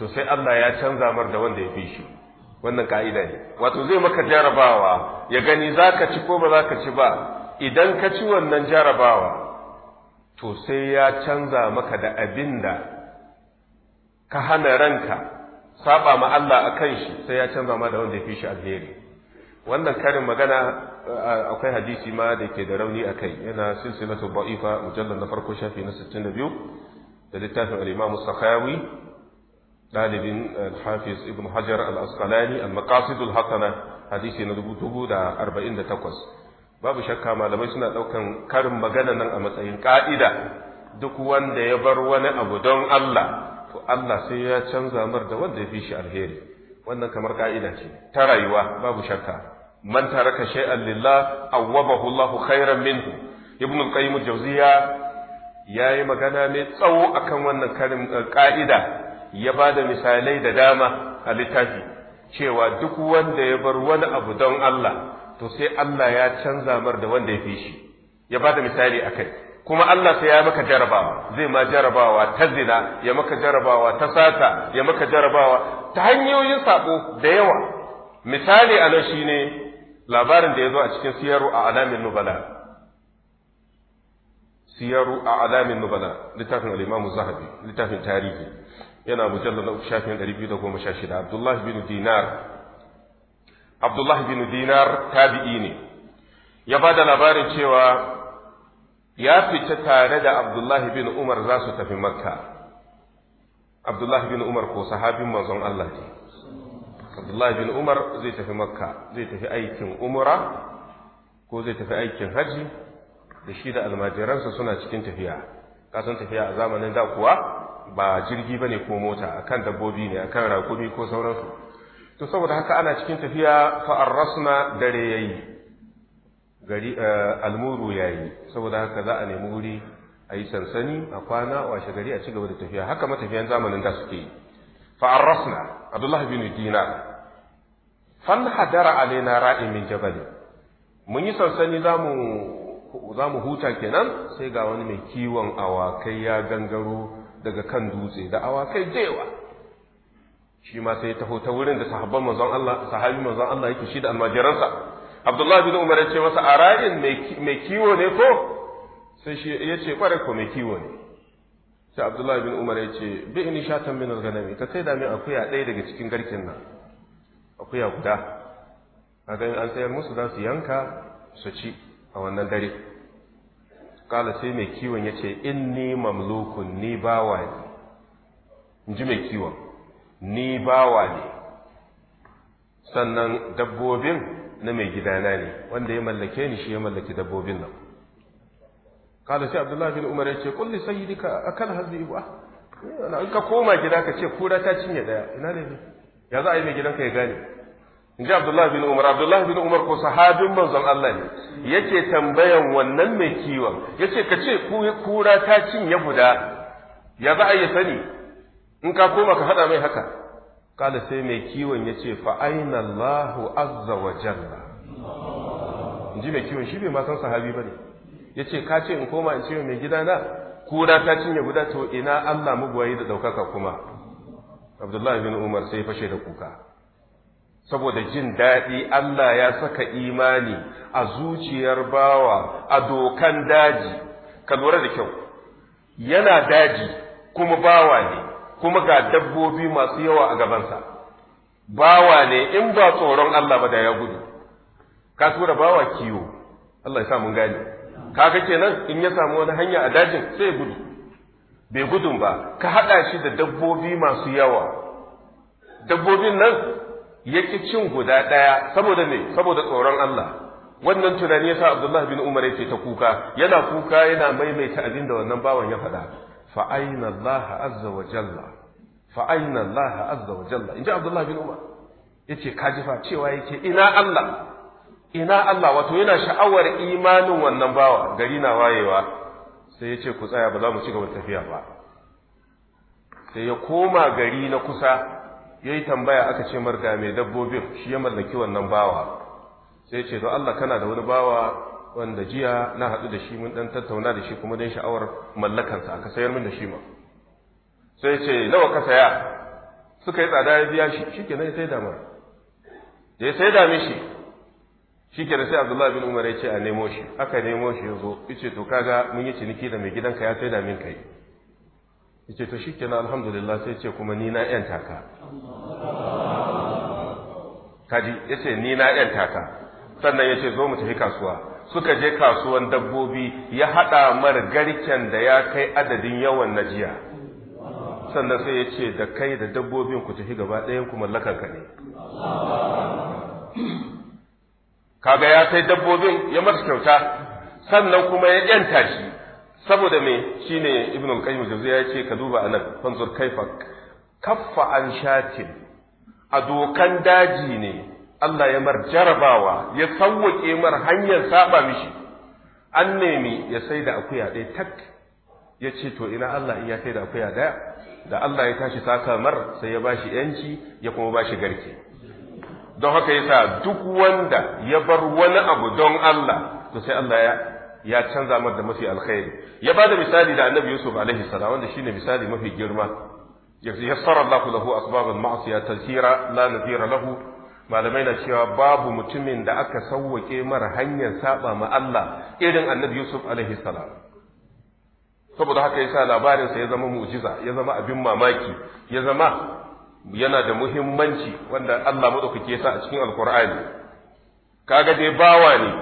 to sai Allah ya canza mar da wanda ya fi shi wannan ka'ida ne wato zai maka jarabawa ya gani zaka ci ko ba zaka ci ba idan ka ci wannan jarabawa to sai ya canza maka da abinda ka hana ranka saba ma Allah akan shi sai ya canza ma da wanda ya fi shi alheri wannan karin magana uh, akwai hadisi ma da ke da rauni a kai yana silsilatu ba'ifa mujallar na farko shafi na 62 da littafin al-imam sakhawi dalibin al-hafiz ibn hajar al-asqalani al-maqasid al-hasana hadisi na 1048 babu shakka malamai suna daukan karin magana nan a matsayin ka'ida duk wanda ya bar wani abu don Allah to Allah sai ya canza mar da wanda ya fi shi alheri wannan kamar ka'ida ce ta rayuwa babu shakka man taraka shay'an lillah awwabahu Allahu khairan minhu ibn al-qayyim al-jawziya yayi magana mai tsawo akan wannan karin eh, ka'ida ya bada misalai da dama a littafi cewa duk wanda ya bar wani abu don Allah to sai Allah ya canza mar da wanda ya fi shi ya bada misali akai kuma Allah sai ya maka jarabawa zai ma jarabawa ta zina ya maka jarabawa ta sata ya maka jarabawa ta hanyoyin sabo da yawa misali a nan shine labarin da ya zo a cikin siyaru a alamin nubala siyaru a alamin nubala littafin al'imamu zahabi littafin tarihi yana mujallar na shafin biyu da goma sha shida. abdullahi bin dinar abdullahi bin dinar tabi'i ne ya ba da labarin cewa ya fita tare da abdullahi bin umar za su tafi makka abdullahi bin umar ko sahabin manzon allah ne abdullahi bin umar zai tafi makka zai tafi aikin umura, ko zai tafi aikin hajji. da shi da almajiransa suna cikin tafiya kasan tafiya a zamanin da kuwa ba jirgi ba ne ko mota A kan dabbobi ne a kan rakumi ko sauransu to saboda haka ana cikin tafiya rasuna dare ya yi. gari eh, almuru ya yi. saboda haka za a nemi wuri a yi sansani a kwana washe gari a ci gaba da tafiya haka matafiyan zamanin da suke yi rasuna, abdullahi bin dinar fan hadara alaina ra'i min jabali mun yi sansani zamu zamu huta kenan sai ga wani mai kiwon awakai ya gangaro daga kan dutse da awakai jewa shi ma sai taho ta wurin da sahabban manzon Allah sahabi manzon Allah yake shi da almajiransa Abdullah bin Umar ya ce masa a mai kiwo ne ko sai shi ya ce kware ko mai kiwo ne sai Abdullah bin Umar ya ce bi in shatan min al-ghanami ka sai da min akuya ɗaya daga cikin garkin nan akuya guda kaga in an sayar musu za su yanka su ci a wannan dare kala sai mai kiwon ya ce in ni mamlukun ni bawa ne in ji mai kiwon ni bawa ne sannan dabbobin na mai gidana ne wanda ya mallake ni shi ya mallaki dabbobin nan kala sai abdullahi bin umar ya ce kulli sayyidika akal hazi ba in ka koma gida ka ce kura ta cinye daya ina ne ya za a yi mai gidanka ya gane in ji abdullahi bin umar abdullahi bin umar ko sahabin manzon Allah ne yake tambayan wannan mai kiwon yace ka ce kura ta cinye guda ya za a yi sani in ka koma ka haɗa mai haka kala sai mai kiwon ya ce fa aina Allahu azza wa jalla in ji mai kiwon shi bai ma san sahabi ba ne ya ce ka ce in koma in ce mai gidana kura ta cinye guda to ina Allah mugwayi da ɗaukaka kuma abdullahi bin umar sai fashe da kuka saboda jin daɗi Allah ya saka imani a zuciyar bawa a dokan daji ka lura da kyau yana daji kuma bawa ne kuma ga dabbobi masu yawa a gabansa bawa ne in ba tsoron Allah ba da ya gudu ka tura bawa kiwo Allah ya sa mun gane kaga kenan in ya samu wani hanya a dajin sai ya gudu bai gudun ba ka haɗa shi da dabbobi masu yawa dabbobin nan ya ki cin guda ɗaya saboda ne saboda tsoron Allah wannan tunani yasa Abdullah bin Umar yake ta kuka yana kuka yana maimaita abin da wannan bawan ya faɗa fa aina Allah azza wa jalla fa aina Allah azza wa jalla inji Abdullah bin Umar yace ji fa cewa yake ina Allah ina Allah wato yana sha'awar imanin wannan bawa gari na wayewa sai ya ce ku tsaya ba za mu ci gaba tafiya ba sai ya koma gari na kusa ya yi tambaya aka ce marga mai dabbobin shi ya mallaki wannan bawa sai ce don Allah kana da wani bawa wanda jiya na haɗu da shi mun ɗan tattauna da shi kuma dai sha'awar mallakansa aka sayar min da shi ma sai ce nawa ka saya suka yi tsada ya biya shi shi nan ya sai damar da ya sai dame shi shi ke da sai abdullahi bin umar ya ce a nemo shi aka nemo shi ya zo yace to kaga mun yi ciniki da mai gidanka ya sai da min kai yace to shi kenan alhamdulillah sai ce kuma ni na yanta ka kaji ce ni na yanta ka sannan ya ce zo mu tafi kasuwa suka je kasuwan dabbobi ya hada mar garken da ya kai adadin yawan najiya sannan sai ya ce da kai da dabbobin ku tafi gaba ɗayan ku mallakan ka ne kaga ya sai dabbobin ya masa kyauta sannan kuma ya yanta shi saboda me shine ibnu al-qayyim jawziya ya ce ka duba anan fanzur kaifa kaffa an shatin a dokan daji ne Allah ya mar jarabawa ya sawwake mar hanyar saba mishi an nemi ya sai da akuya ɗaya tak ya ce to ina Allah in ya sai da akuya ɗaya da Allah ya tashi saka mar sai ya bashi yanci ya kuma bashi garke don haka yasa duk wanda ya bar wani abu don Allah to sai Allah ya ya canza mar da mafi alkhairi ya bada misali da annabi yusuf alaihi salam wanda shine misali mafi girma yassara Allah lahu asbab al tasira la nadira lahu malamai na cewa babu mutumin da aka sauwake mara hanyar saba ma Allah irin annabi yusuf alaihi salam saboda haka yasa labarinsa ya zama mu'jiza ya zama abin mamaki ya zama yana da muhimmanci wanda Allah madaukake ya sa a cikin alkur'ani kaga dai bawa ne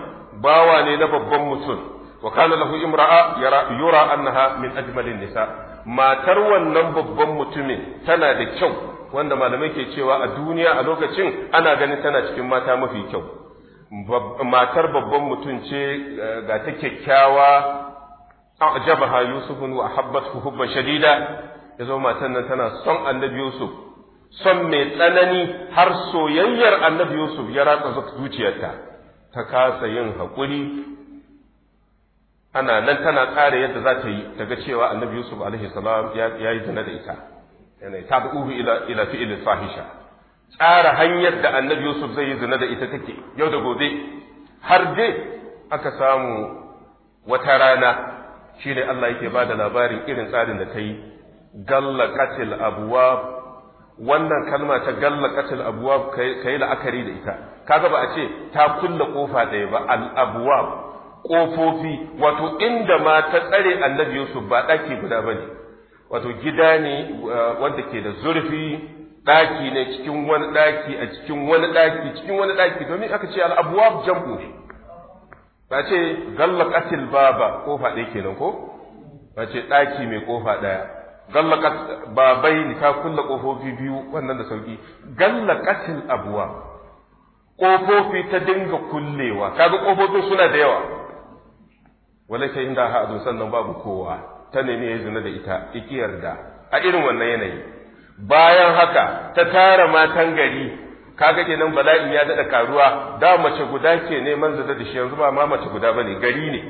bawa ne na babban mutum wa kana lahu imra'a yura annaha min ajmalin nisa matar wannan babban mutumin tana da kyau wanda malamai ke cewa a duniya a lokacin ana ganin tana cikin mata mafi kyau matar babban mutum ce eh, ga ta kyakkyawa a'jabaha yusufun wa habbathu hubban shadida yazo matan nan tana son annabi yusuf son mai tsanani har soyayyar annabi Yusuf ya ratsa zuciyarta ta kasa yin haƙuri ana nan tana tsara yadda za ta yi daga cewa annabi Yusuf alaihi salam ya yi zina da ita yana ta uhu ila ila fi'il fahisha tsara hanyar da annabi Yusuf zai yi zina da ita take yau da gobe har dai aka samu wata rana shine Allah yake bada labarin irin tsarin da ta yi gallaqatil abwab wannan kalma ta galla gallaqatil abwab kai la'akari da ita kaga ba a ce ta kulle kofa ɗaya ba al abwab kofofi wato inda ma ta tsare annabi Yusuf ba ɗaki guda bane wato gida ne uh, wanda ke da zurfi ɗaki ne cikin wani ɗaki a cikin wani ɗaki cikin wani ɗaki domin aka ce al abwab jam'u ne ba ce galla gallaqatil baba kofa ɗaya kenan ko ba ce ɗaki mai kofa ɗaya gallakat babai ka kulla kofofi biyu wannan da sauki gallakatil abuwa kofofi ta dinga kullewa kaga kofofi suna da yawa wala sai inda ha adun sannan babu kowa ta nemi yayi zina da ita ikiyar da a irin wannan yanayi bayan haka ta tara matan gari kaga kenan bala'in ya dada karuwa da mace guda ke man zina da shi yanzu ba ma mace guda bane gari ne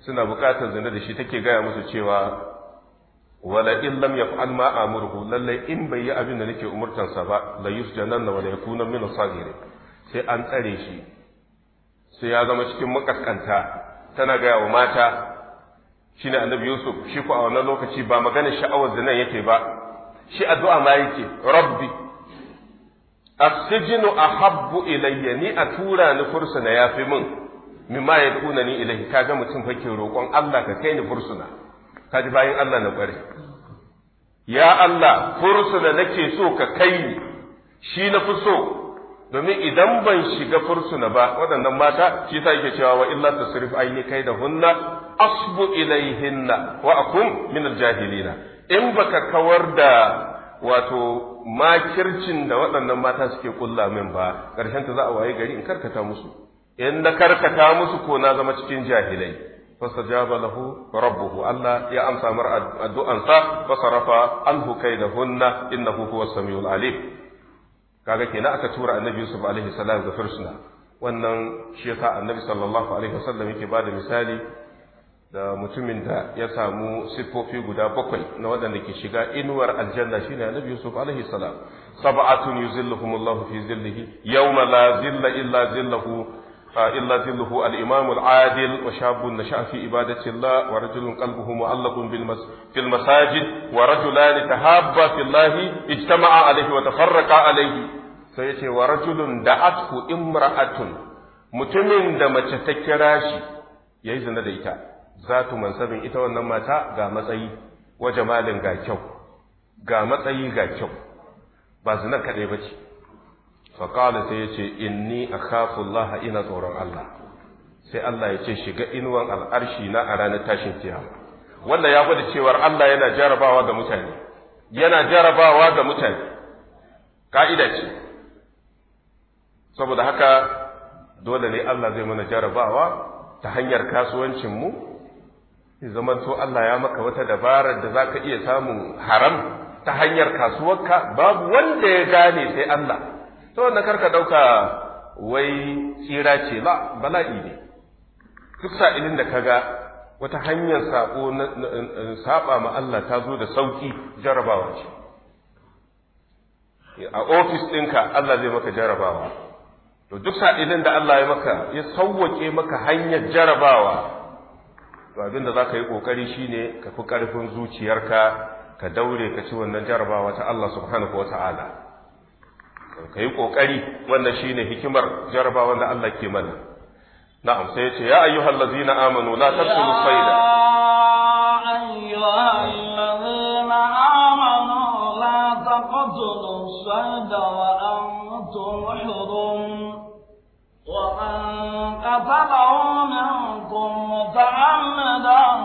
suna bukatar zina da shi take gaya musu cewa wala in lam yaf'al ma amuruhu lalle in bai yi abin da nake umurtansa ba la yusjananna wala yakuna min as-sagirin sai an tsare shi sai ya zama cikin makaskanta tana gaya wa mata shine annabi yusuf shi ko a wannan lokaci ba magana sha'awar zinan yake ba shi addu'a ma yake rabbi as a ahabbu ilayya ni a tura ni fursuna yafi min mimma yakuna ni ilayhi ga mutum fake roƙon Allah ka kai ni fursuna kaji bayin Allah na ƙware. ya Allah fursu da nake so ka kai shi na fi so domin idan ban shiga fursuna ba waɗannan mata shi ta yake cewa wa illa ta tasrif aini kai da hunna asbu ilaihinna wa akum min aljahilina in baka kawar da wato makircin da waɗannan mata suke ƙulla min ba ƙarshen ta za a waye gari in karkata musu in na karkata musu ko na zama cikin jahilai فاستجاب له ربه الله يا أمسى مرأة الدؤنسى فصرف عنه كيدهن إنه هو السميع العليم kaga kenan aka tura annabi Yusuf alaihi salam ga fursuna wannan shi yasa annabi sallallahu alaihi wasallam yake ba da misali da mutumin da ya samu siffofi guda bakwai na waɗanda ke shiga inuwar aljanna shine annabi Yusuf alaihi salam sab'atun yuzilluhumullahu fi zillihi yawma la zilla illa zillahu إلا ظله الإمام العادل وشاب نشأ في عبادة الله ورجل قلبه معلق في المساجد ورجلان تهابا في الله اجتمعا عليه وتفرقا عليه سيأتي ورجل دعته امرأة متمن دم تتكراشي يزن ديتا ذات منصب إتوى النماتا قامت أي وجمال قاكو قامت أي قاكو بازنا كريبتي faƙala sai yace inni a kafullaha ina tsoron Allah sai Allah ya ce shiga inuwan al'arshi na a ranar tashin kiyama wanda ya gwada cewar Allah yana jarabawa ga mutane yana jarabawa ga mutane ka'ida ce saboda haka dole ne Allah zai mana jarabawa ta hanyar kasuwancinmu zaman to Allah ya maka wata dabarar da za ka iya samun haram ta hanyar kasuwarka babu wanda ya gane sai Allah to wannan karka dauka wai tsira ce ba bala'i ne duk sa'ilin da kaga wata hanyar sako saba ma Allah ta zo da sauki jarabawa ce a ofis ɗinka Allah zai maka jarabawa to duk sa'ilin da Allah ya maka ya sauwake maka hanyar jarabawa to abin da za yi ƙoƙari shine ne ka fi ƙarfin zuciyarka ka daure ka ci wannan jarabawa ta Allah subhanahu wa ta'ala ka yi ƙoƙari wannan shi ne hikimar jarabawan da Allah ke mana na'am sai ya ce ya ayyuhal ladzina amanu la taqtulu sayda ayyuhal ladzina amanu la taqtulu sayda wa antum hurum wa man qatalahu minkum muta'ammidan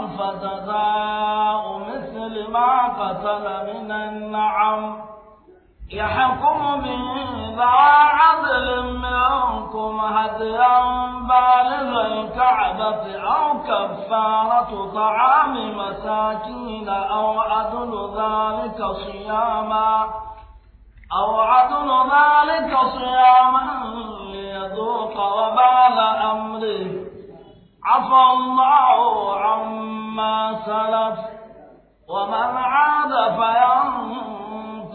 يحكم به ذا عدل منكم هديا بالغ الكعبة أو كفارة طعام مساكين أو عدل ذلك صياما أو عدل ذلك صياما ليذوق وبال أمره عفى الله عما سلف ومن عاد فينظر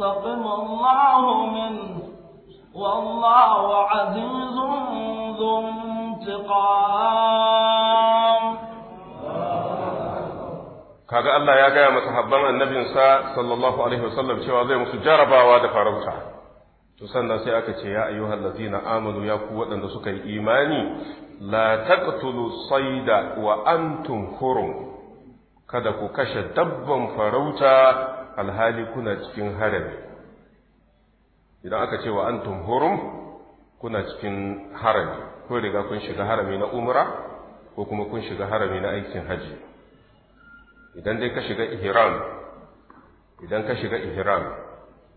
ينتقم الله منه والله عزيز ذو انتقام kaga Allah ya gaya masa habban annabinsa sallallahu alaihi wasallam cewa zai musu jarabawa da farauta to sannan sai aka ce ya ayyuhal ladina amanu ya ku waɗanda suka yi imani la taqtulu sayda wa antum hurum kada ku kashe dabban farauta alhali kuna cikin harami idan aka ce wa antum hurum kuna cikin harami ko riga kun shiga harami na umra ko kuma kun shiga harami na aikin haji idan dai ka shiga ihram idan ka shiga ihram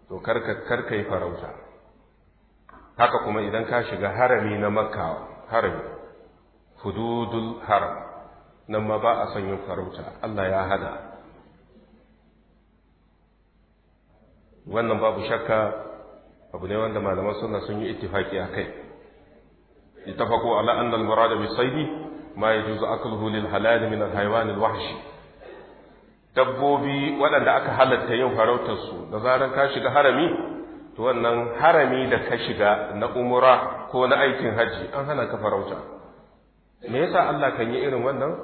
to karka karka yi farauta haka kuma idan ka shiga harami na makka harami hududul haram nan ma ba a son yin farauta Allah ya hada wannan babu shakka abu ne wanda malaman suna sun yi ittifaki a kai ittafaqu ala anna al-murad bi sayd ma yajuzu akluhu lil halal min al-haywan al-wahshi dabbobi waɗanda aka halatta yin farautar su da zaran ka shiga harami to wannan harami da ka shiga na umura ko na aikin haji an hana ka farauta me yasa Allah kan yi irin wannan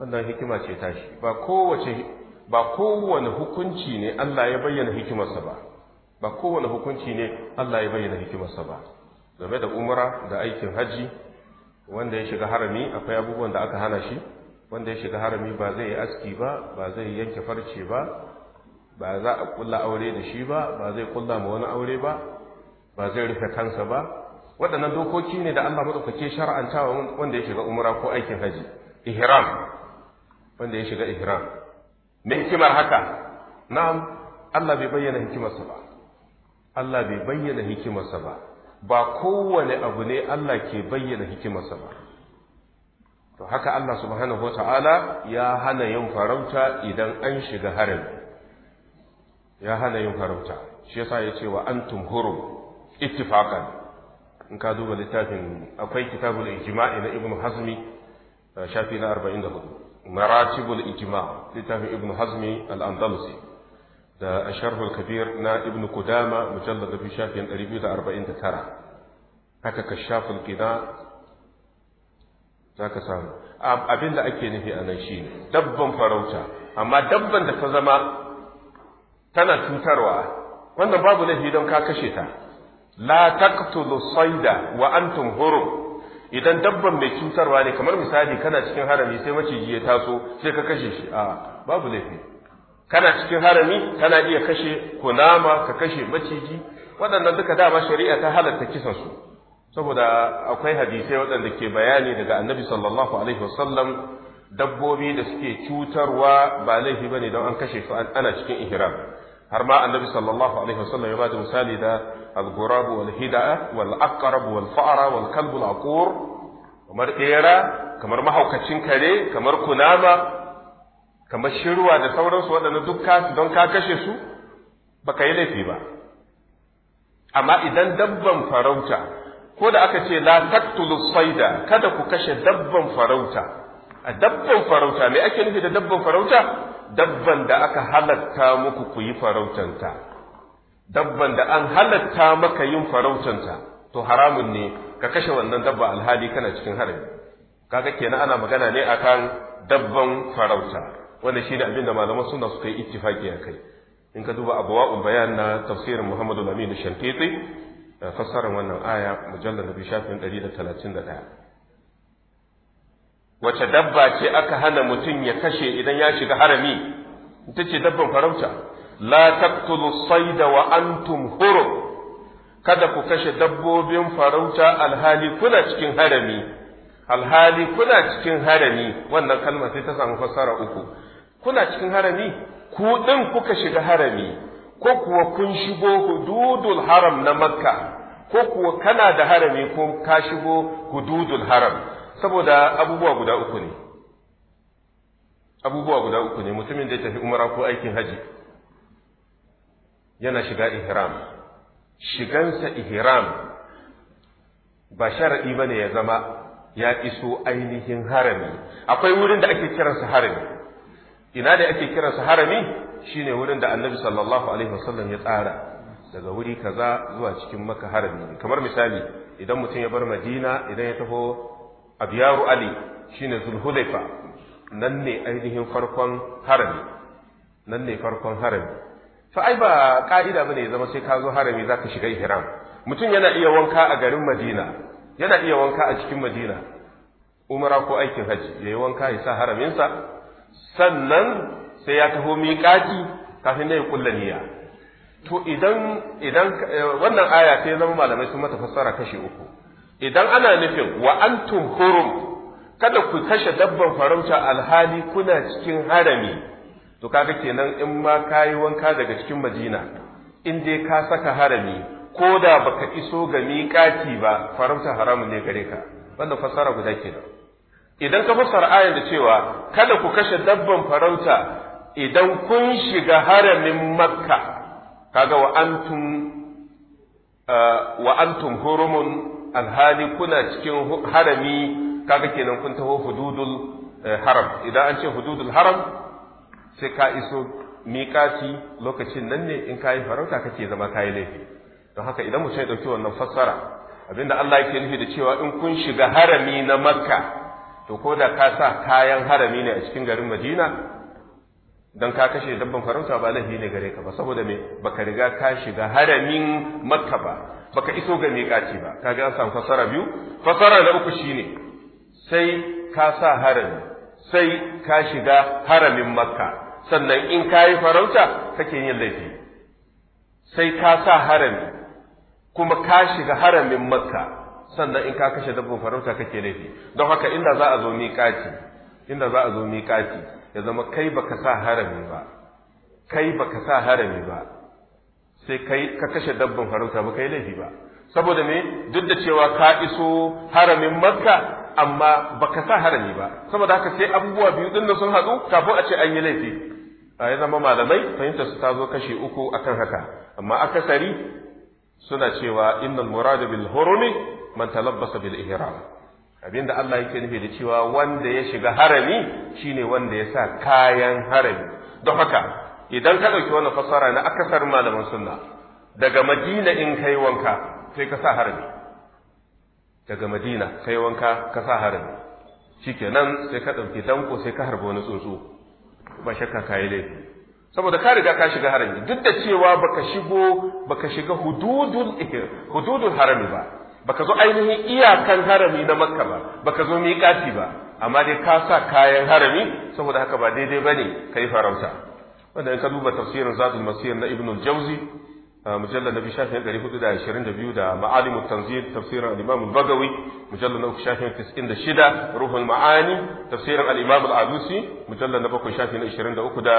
wannan hikima ce tashi ba kowace ba kowane hukunci ne Allah ya bayyana hikimarsa ba ba kowane hukunci ne Allah ya bayyana hikimarsa ba game da umra da aikin haji wanda ya shiga harami akwai abubuwan da aka hana shi wanda ya shiga harami ba zai yi aski ba ba zai yanke farce ba ba za a kulla aure da shi ba ba zai kulla ma wani aure ba ba zai rufe kansa ba waɗannan dokoki ne da Allah madaukake shar'antawa wanda ya shiga umra ko aikin haji ihram wanda ya shiga ihram me hikimar haka na'am Allah bai bayyana hikimarsa ba Allah bai bayyana hikimarsa ba ba kowane abu ne Allah ke bayyana hikimarsa ba to haka Allah subhanahu Ta'ala ya hana yin farauta idan an shiga harin ya hana yin farauta shi yasa ya ce wa antum hurum ittifaqan in ka duba littafin akwai kitabul ijma'i na Ibn hazmi shafi na 44 maratibul ijma littafin ibnu hazmi al-andalusi da asharhul kabir na ibnu kudama mujallad fi shafin 249 haka kashaful qida zaka samu abin da ake nufi a nan shine dabban farauta amma dabban da ta zama tana cutarwa wannan babu laifi don ka kashe ta la taqtulu wa idan dabban mai cutarwa ne kamar misali kana cikin harami sai maciji ya taso sai ka kashe shi a babu laifi kana cikin harami kana iya kashe kunama ka kashe maciji waɗannan duka dama shari'a ta halarta kisan su saboda akwai hadisai waɗanda ke bayani daga annabi sallallahu alaihi wasallam dabbobi da suke cutarwa ba laifi bane don an kashe su ana cikin ihram har ma annabi sallallahu alaihi wasallam ya bada misali da al-ghurab wal hida'a wal aqrab wal fa'ra wal kalb al aqur kamar ɗera kamar mahaukacin kare kamar kunama kamar shirwa da sauransu waɗanda duk ka don ka kashe su baka yi laifi ba amma idan dabban farauta ko da aka ce la taqtulu sayda kada ku kashe dabban farauta a dabban farauta me ake nufi da dabban farauta dabban da aka halatta muku ku yi farautanta dabban da an halatta maka yin farautanta to haramun ne ka kashe wannan dabba alhali kana cikin harami kaga kenan ana magana ne akan dabban farauta wanda shine abin da malaman suna suka yi ittifaki kai. in ka duba abuwa, bayan na tafsirin Muhammadu Amin Shantiti fassarar wannan aya mujallar mujallal bi shafin 131 wace dabba ce aka hana mutum ya kashe idan ya shiga harami ita ce dabban farauta la taqtulu sayda wa antum hurum kada ku kashe dabbobin farauta alhali kuna cikin harami alhali kuna cikin harami wannan kalma sai ta samu fassara uku kuna cikin harami ku din kuka shiga harami ko kuwa kun shigo hududul haram na makka ko kuwa kana da harami ko ka shigo hududul haram saboda abubuwa guda uku ne abubuwa guda uku ne mutumin da ya tafi umara ko aikin haji yana shiga ihram shigansa ihram ba shar'i bane ya zama ya iso ainihin harami akwai wurin da ake kiransa harami ina da ake kiransa harami shine wurin da annabi sallallahu alaihi wasallam ya tsara daga wuri kaza zuwa cikin maka harami kamar misali idan mutum ya bar madina idan ya taho abyaru ali shine zulhulaifa nan ne ainihin farkon harami nan ne farkon harami fa ai ba ka'ida bane ya zama sai ka zo harami zaka shiga ihram mutum yana iya wanka a garin madina yana iya wanka a cikin madina umara ko aikin haji yi wanka ya sa haraminsa sannan sai ya taho miƙaƙi kafin ya kulla niyya to idan eh, wannan aya sai zama malamai sun mata fassara kashi uku idan ana nufin wa antum hurum kada ku kashe dabban farauta alhali kuna cikin harami to kaga kenan in ma kayi wanka daga cikin madina in dai ka saka harami ko da baka iso ga miƙati ba farauta haramun ne gare ka wannan fassara guda kenan idan ka fassara ayan da cewa kada ku kashe dabban farauta idan kun shiga haramin makka kaga wa antum eh, wa antum hurumun alhali kuna cikin harami kaga kenan kun taho hududul eh, haram idan an ce hududul haram sai ka iso miƙaci lokacin nan ne in kayi farauta kake zama yi laifi don haka idan mutum ya ɗauki wannan fassara abinda Allah yake nufi da cewa in kun shiga harami na makka to ko da ka sa kayan harami ne a cikin garin madina don ka kashe dabban farauta ba laifi ne gare ka ba saboda me baka riga ka shiga haramin makka ba baka iso ga miƙaci ba kaga an samu fasara biyu fasara na uku shine sai ka sa harami sai ka shiga haramin makka sannan in ka yi farauta kake yin laifi sai ka sa harami kuma ka shiga haramin makka sannan in ka kashe dabbobin farauta kake laifi don haka inda za a zo miƙaci inda za a zo miƙaci ya zama kai baka sa harami ba kai baka sa harami ba sai kai ka kashe dabban farauta ba kai laifi ba saboda me duk da cewa ka iso haramin makka amma baka sa harami ba saboda haka sai abubuwa biyu din sun haɗu kafin a ce an yi laifi a ya zama malamai fahimta su ta zo kashe uku akan haka amma akasari suna cewa innal murad bil hurumi man talabbasa bil ihram abinda Allah yake nufi da cewa wanda ya shiga harami shine wanda ya sa kayan harami don haka idan ka ɗauki wannan fassara na akasar malaman sunna daga madina in kai wanka sai ka sa harami daga madina kai wanka ka sa harami shikenan sai ka ɗauki danko sai ka harbi wani tsuntsu ba shakka kayi laifi saboda ka riga ka shiga harami duk da cewa baka shigo baka shiga hududul hududul harami ba baka zo ainihin iyakan harami na makka ba baka zo miƙati ba amma dai ka sa kayan harami saboda haka ba daidai bane kai farauta wanda ka duba tafsirin zadul masir na ibnu jauzi mujallal na biyu shafin ɗari hudu da ashirin da biyu da ma'alimu tanzil tafsirin al'imamu bagawi mujallal na uku shafin tis'in da shida ruhul ma'ani tafsirin al al'adusi mujallal na bakwai shafin ashirin da uku da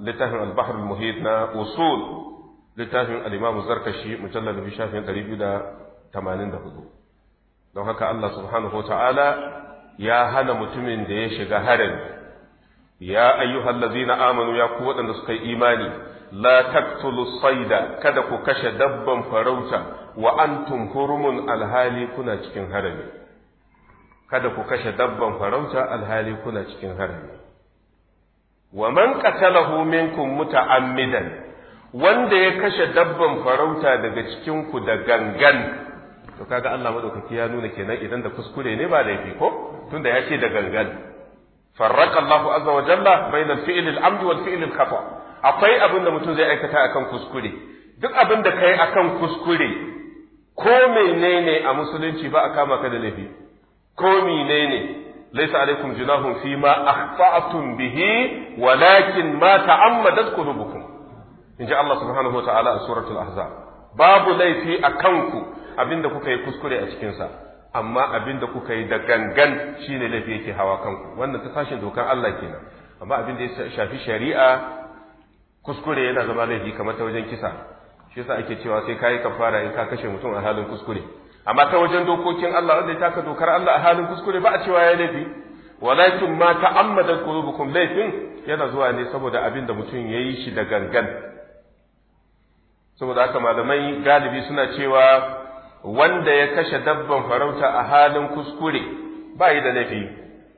littafin al-bahr al-muhit na usul littafin al-imamu zarkashi mujallal na biyu shafin ɗari biyu da tamanin da hudu don haka Allah subhanahu wa ta'ala ya hana mutumin da ya shiga harin ya ayyuhal ladzina amanu ya ku waɗanda suka yi imani la taqtulu sayda kada ku kashe dabban farauta wa antum hurumun alhali kuna cikin harami kada ku kashe dabban farauta alhali kuna cikin harami wa man qatalahu minkum muta'ammidan wanda ya kashe dabban farauta daga cikin ku da gangan to kaga Allah madaukaki ya nuna kenan idan da kuskure ne ba laifi ko tunda ya ce da gangan Farrakallahu Allah azza wa jalla baina fi'l al-amd akwai abin da mutum zai aikata akan kuskure duk abin da kai akan kuskure ko menene a musulunci ba a kama ka da laifi ko menene laysa alaikum junahun fi ma akhta'tum bihi walakin ma ta'ammadat qulubukum inji Allah subhanahu wa ta'ala a suratul ahzab babu laifi akan ku abinda kuka yi kuskure a cikin sa amma abin da kuka yi da gangan shi ne laifi yake hawa kanku wannan ta sashen dokan Allah kenan amma abin da ya shafi shari'a kuskure yana zama laifi kamar ta wajen kisa shi yasa ake cewa sai ka kai kafara in ka kashe mutum a halin kuskure amma ta wajen dokokin Allah wanda ya taka dokar Allah a halin kuskure ba a cewa ya laifi walakin ma ta'ammadat qulubukum laifin yana zuwa ne saboda abin da mutum ya yi shi da gangan saboda haka malamai galibi suna cewa wanda ya kashe dabban farauta a halin kuskure ba yi da laifi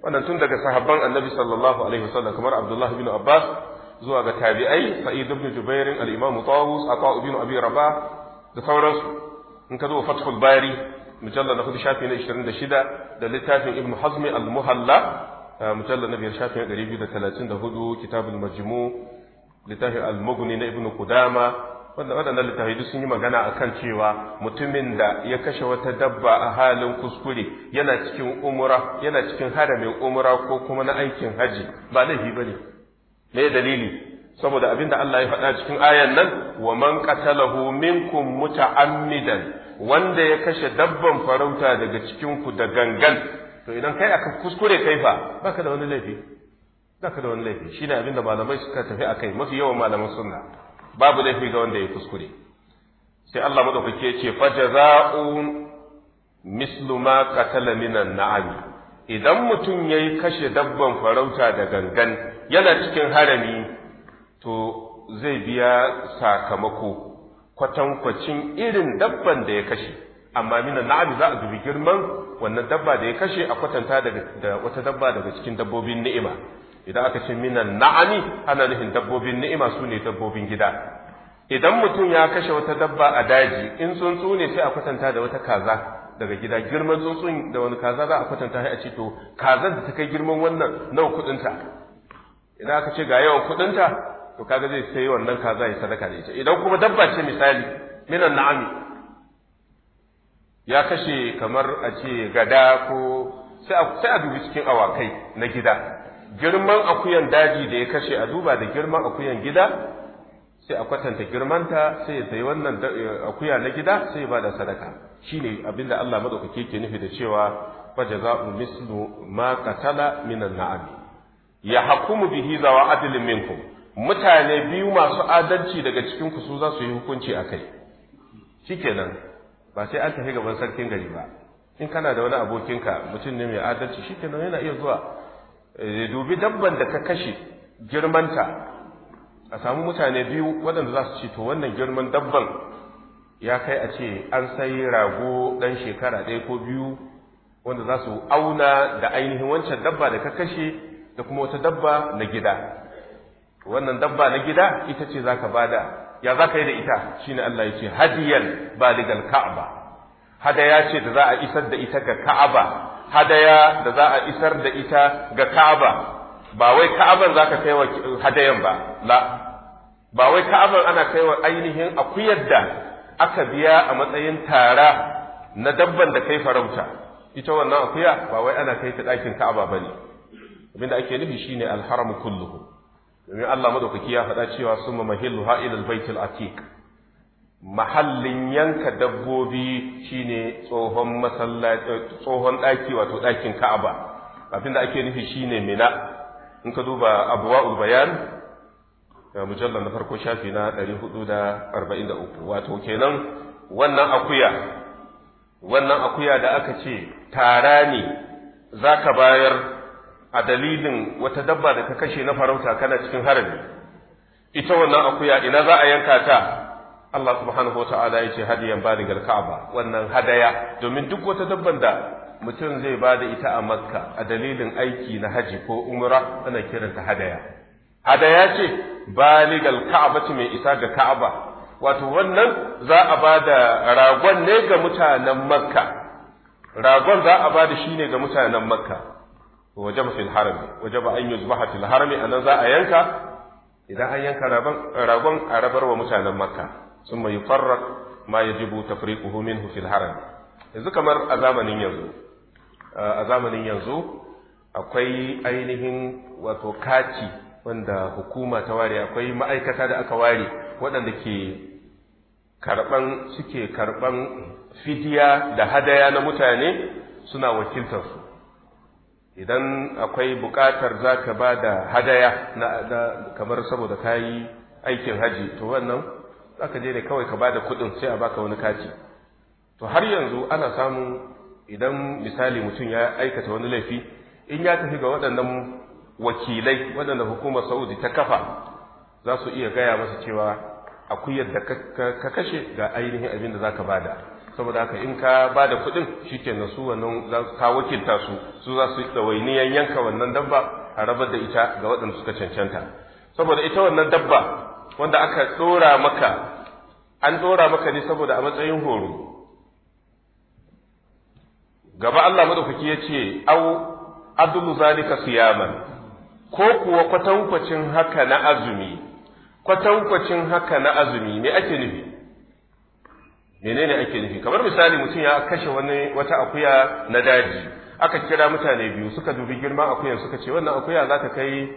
wannan tun daga sahabban annabi sallallahu alaihi wasallam kamar abdullahi bin abbas zuwa ga tabi'ai sa'id ibn jubair al-imam tawus ata ibn abi rabah da sauransu in ka zo fathul bari mujallal na hudu shafi na 26 da littafin ibn hazm al-muhalla mujallal na biyar shafi na 234 kitabul majmu littafin al-mughni na ibn qudama wanda waɗannan littafai sun yi magana akan cewa mutumin da ya kashe wata dabba a halin kuskure yana cikin umura yana cikin haramin umura ko kuma na aikin haji ba laifi bane me dalili saboda abinda Allah ya faɗa cikin ayan nan wa man qatalahu minkum muta'ammidan wanda ya kashe dabban farauta daga cikin ku da gangan to idan kai aka kuskure kai fa baka da wani laifi baka da wani laifi shine abinda malamai suka tafi akai mafi yawan malaman sunna babu laifi ga wanda ya kuskure sai Allah madaukake ya ce fajaza'u mislu ma qatala minan na'ami idan mutum yayi kashe dabban farauta da gangan yana cikin harami to zai biya sakamako kwatankwacin irin dabban da ya kashe amma minan na'ami za a dubi girman wannan dabba da ya kashe a kwatanta da wata dabba daga cikin dabbobin ni'ima idan aka ce minan na'ami ana nufin dabbobin ni'ima su ne dabbobin gida idan mutum ya kashe wata dabba a daji in tsuntsu ne sai a kwatanta da wata kaza daga gida girman tsuntsun da wani kaza za a kwatanta sai a ce to kazar da ta kai girman wannan nawa kuɗinta. idan aka ce ga yawan kuɗinta, to kaga zai sai wannan kaza ya sadaka da ita idan kuma dabba ce misali minan na'ami ya kashe kamar a ce gada ko sai a dubi cikin awakai na gida girman akuyan daji da ya kashe a duba da girman akuyan gida sai a kwatanta girmanta sai ya sayi wannan eh, akuya na gida sai ya bada sadaka shine abinda Allah madaukake ke nufi da cewa fa jazaa'u mislu ma qatala minan na'am ya hakumu bihi zawa adlin minkum mutane biyu masu adalci daga cikin ku su za su yi hukunci akai shikenan ba sai an tafi gaban sarkin gari ba in kana da wani abokinka mutum ne mai adalci shikenan yana iya zuwa Eh, dubi dabban da ka kashe girmanta a samu mutane biyu waɗanda za su ce to wannan girman dabban ya kai a ce an sai rago ɗan shekara ɗaya ko biyu wanda za su auna da ainihin wancan dabba da ka kashe da kuma wata dabba na gida wannan dabba na gida ita ce za ka ba da. ya za ka yi da ita shine Allah ya ce hadiyal baligal ka'aba Hada ya ce da za a isar da ita ga ka'aba hadaya da za a isar da ita ga Ka'aba ba wai Ka'aban ka kai wa hadayan ba la ba wai Ka'aban ana kai wa ainihin akuyar da aka biya a matsayin tara na dabban da kai farauta ita wannan akuya ba wai ana kai ta ɗakin Ka'aba ba ne abinda ake nufi shine alharamu kulluhu domin Allah madaukaki ya faɗa cewa summa mahilluha ila albaytil atiq mahallin yanka dabbobi shine tsohon masallaci tsohon daki wato dakin Ka'aba da ake nufi shine Mina in ka duba abwaul bayan mujallar na farko shafi na 443 wato kenan wannan akuya wannan akuya da aka ce tara ne zaka bayar a dalilin wata dabba da ka kashe na farauta kana cikin harami ita wannan akuya ina za a yanka ta Allah subhanahu ta'ala ya ce hadiyan baligal ka'aba wannan hadaya domin duk wata dabban da mutum zai ba da ita a makka a dalilin aiki na haji ko umra ana kiranta hadaya hadaya ce baligal ka'aba mai isa ga ka'aba wato wannan za a ba da ragon ne ga mutanen makka ragon za a ba da shi ne ga mutanen makka wajaba fil harami wajaba an yuzbaha fil harami anan za a yanka idan an yanka ragon a rabar wa mutanen makka summa yufarraq ma yajibu tafriquhu minhu fil haram yanzu kamar a zamanin yanzu a zamanin yanzu akwai ainihin wato kati wanda hukuma ta ware akwai ma'aikata da aka ware waɗanda ke karɓan suke karɓan fidiya da hadaya na mutane suna wakiltarsu idan akwai buƙatar za ka ba da hadaya kamar saboda ka yi aikin haji to wannan zaka je ne kawai ka bada kuɗin sai a baka wani kati to har yanzu ana samun idan misali mutum ya aikata wani laifi in ya tafi ga waɗannan wakilai waɗanda hukumar saudi ta kafa za su iya gaya masa cewa akuyar da ka kashe ga ainihin abin da za ka bada saboda haka in ka ba da kuɗin shi na su wannan ka wakilta su su za su ɗawainiyan yanka wannan dabba a rabar da ita ga waɗanda suka cancanta saboda ita wannan dabba wanda aka ɗora maka an ɗora maka ne saboda a matsayin horo gaba Allah madaukaki ya ce au adlu zalika siyaman ko kuwa kwatankwacin haka na azumi kwatankwacin haka na azumi me ake nufi menene ake nufi kamar misali mutum ya kashe wani wata akuya na daji aka kira mutane biyu suka dubi girman akuyan suka ce wannan akuya za ta kai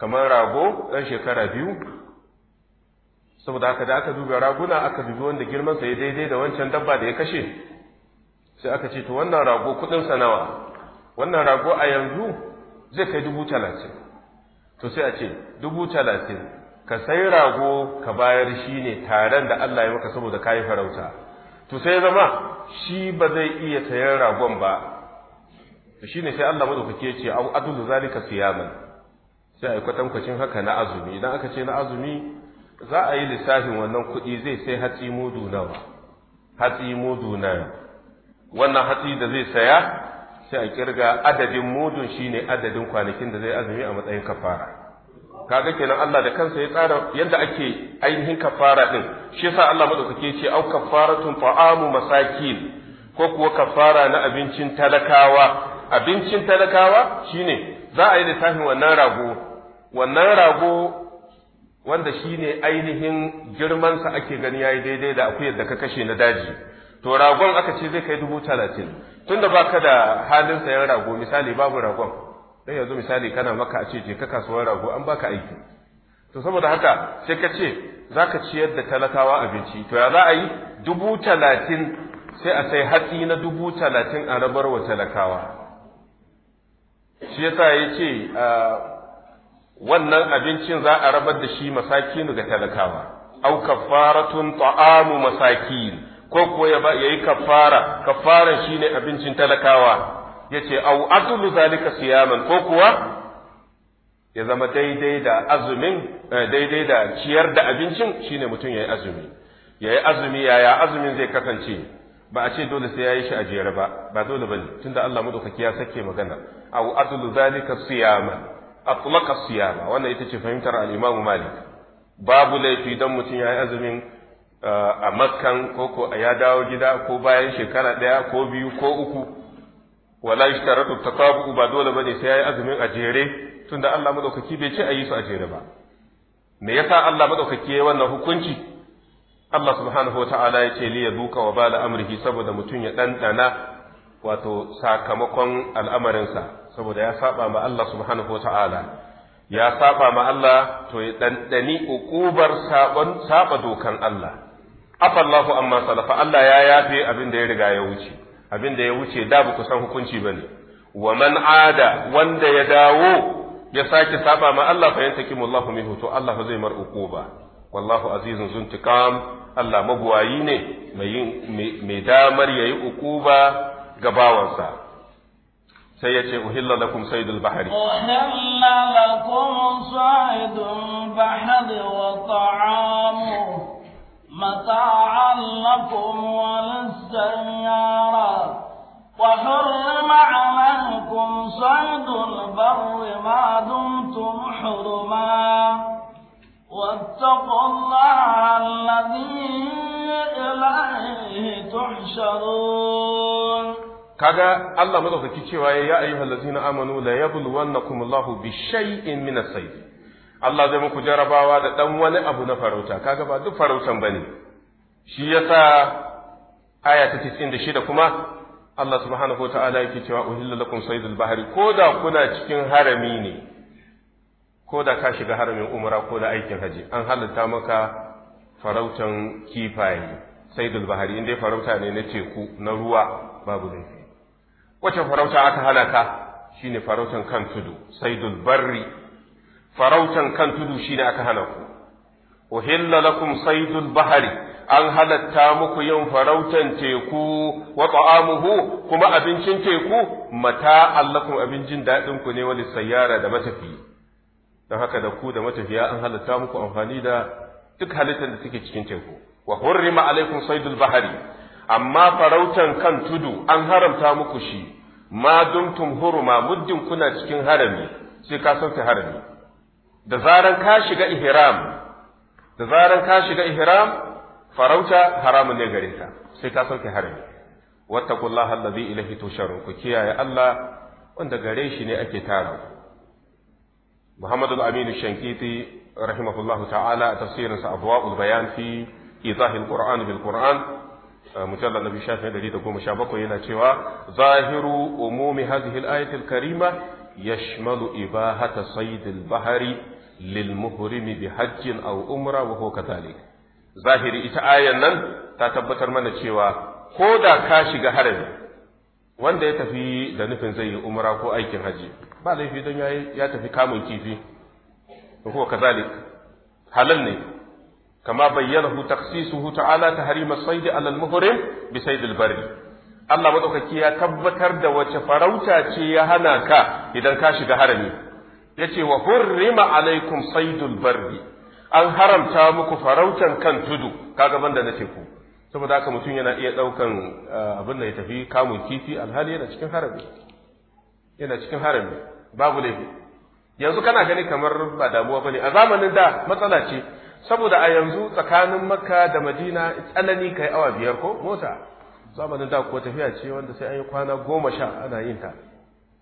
kamar rago ɗan shekara biyu saboda haka da aka duba raguna aka dubi wanda girman sa ya daidai da wancan dabba da ya kashe sai aka ce to wannan rago kudin sa nawa wannan rago a yanzu zai kai dubu talatin to sai a ce dubu talatin ka sai rago ka bayar shi ne tare da Allah ya maka saboda kayi farauta to sai zama shi ba zai iya sayan ragon ba to shine sai Allah madaukake ya ce au adu zalika siyaman sai ai kwatankwacin haka na azumi idan aka ce na azumi za a yi lissafin wannan kuɗi zai sai hatsi mudu nawa hatsi mudu na wannan hatsi da zai saya sai a kirga adadin mudun shine adadin kwanakin da zai azumi a matsayin kafara kaga kenan Allah da kansa ya tsara yadda ake ainihin kafara din shi yasa Allah madaukake ce au kafaratun fa'amu masakin ko kuwa kafara na abincin talakawa abincin talakawa shine za a yi lissafin wannan rago wannan rago wanda shi ne ainihin girmansa ake gani ya yi daidai da akuyar da ka kashe na daji to ragon aka ce zai kai dubu talatin tunda baka da halin sayan rago misali babu ragon dan yanzu misali kana maka a ce je ka kasuwar rago an baka aiki to saboda haka sai ka ce za ka ciyar da talakawa abinci to ya za a yi dubu talatin sai a sai hatsi na dubu talatin a rabar wa talakawa shi yasa ya ce ah, wannan abincin za a rabar da shi masakinu ga talakawa au kafaratun ta'amu masakin ko kuwa ya yi kafara kafaran shine abincin talakawa yace au atlu zalika siyaman ko kuwa ya zama daidai da azumin eh, daidai da ciyar da abincin shine mutum yayi azumi yayi azumi yaya azumin zai kasance ba a ce dole sai yayi shi a jere ba ba dole bane tunda Allah madaukaki ya sake magana au atlu zalika siyaman atlaka siyama wannan ita ce fahimtar al-Imam Malik babu laifi dan mutum ya yi azumin a makkan ko ko ya dawo gida ko bayan shekara ɗaya ko biyu ko uku wala yushtaratu taqabu ba dole ne sai yi azumin a jere tunda Allah maɗaukaki bai ce a yi su a jere ba me yasa Allah ya yi wannan hukunci Allah subhanahu wataala ya ce li duka wa bala amrihi saboda mutum ya ɗanɗana wato sakamakon al'amarinsa saboda ya saba ma Allah subhanahu wata'ala ya saba ma Allah to ya ɗanɗani uƙubar saba dokan Allah afallahu amma salafa Allah ya yafe abin da ya riga ya wuce abin da ya wuce da ba ku san hukunci bane wa man ada wanda ya dawo ya sake saba ma Allah fa yantakimu Allahu minhu to Allah zai mar ukuba. wallahu azizun zuntiqam Allah mabuwayi ne mai mai damar yayi uquba ga bawansa sai ya ce uhilla lakum saydul bahri uhilla lakum saydul bahri wa ta'amu mata'an lakum wa lis-sayyara وحرم عليكم صيد البر ما دمتم حرما واتقوا الله الذي إليه تحشرون kaga Allah madaukaki cewa ya yi ayyuhal ladzina amanu la yabluwannakum Allahu bi shay'in min as Allah zai muku jarabawa da dan wani abu na farauta kaga ba duk farautan bane shi yasa aya ta 96 kuma Allah subhanahu wataala yake cewa uhilla lakum saydul Ko koda kuna cikin harami ne koda ka shiga haramin umra ko da aikin haji an halatta maka farautan kifaye saydul bahri inda farauta ne na teku na ruwa babu laifi wace farauta aka halaka shine farautan kan tudu saidul barri farautan kan tudu shine aka hana ku uhilla lakum saidul bahari an halatta muku yin farautan teku wa ta'amuhu kuma abincin teku mata allakum abincin dadin ku ne wani sayyara da matafi don haka da ku da matafiya an halatta muku amfani da duk halittar da suke cikin teku wa hurrima alaikum saidul bahari amma farautan kan tudu an haramta muku shi ma dumtum huruma muddin kuna cikin harami sai ka sauke harami da zaran ka shiga ihram da zaran ka shiga ihram farauta haramun ne gare ka sai ka sauke harami wattaqullaha allazi ilayhi tusharun ku kiyaye Allah wanda gare shi ne ake tara Muhammadu Aminu Shankiti rahimahullahu ta'ala a tafsirinsa Abwaul Bayan fi Izahil Qur'an bil Qur'an mujallar nabi shafin ɗari da goma sha bakwai yana cewa zahiru umumi hadhihi al karima yashmalu ibahata saydil bahari lil muhrimi bi hajjin aw umra wa huwa kadhalik zahiri ita ayan nan ta tabbatar mana cewa ko da ka shiga harami wanda ya tafi da nufin zai yi umra ko aikin hajji? ba laifi don ya tafi kamun kifi ko kazalik halal ne kama bayyanahu takhsisuhu ta'ala tahrim as-sayd 'ala al-muhrim bi sayd al-barri Allah madaukaki ya tabbatar da wace farauta ce ya hana ka idan ka shiga harami Ya ce wa hurrima alaikum saydul barri an haramta muku farautan kan tudu kaga banda na teku saboda haka mutum yana iya daukan abin da ya tafi kamun kifi alhali yana cikin harami babu laifi yanzu kana ganin kamar ba damuwa bane a zamanin da matsala ce saboda a yanzu tsakanin makka da madina tsanani kai awa biyar ko mota zamanin da kuwa tafiya ce wanda sai an yi kwana goma sha ana yin ta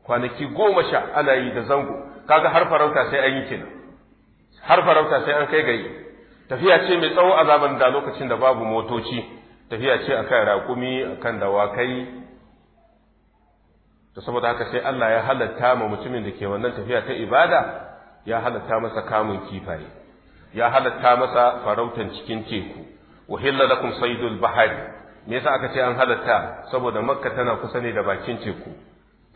kwanaki goma sha ana yi da zango kaga har farauta sai an yi kenan har farauta sai an kai gayi tafiya ce mai tsawo a zamanin da lokacin da babu motoci tafiya ce akan rakumi akan dawakai to saboda haka sai Allah ya halatta ma mutumin da ke wannan tafiya ta ibada ya halatta masa kamun kifaye ya halatta masa farautan cikin teku hilla lakum saydul bahari me yasa aka ce an halatta saboda makka tana kusa ne da bakin teku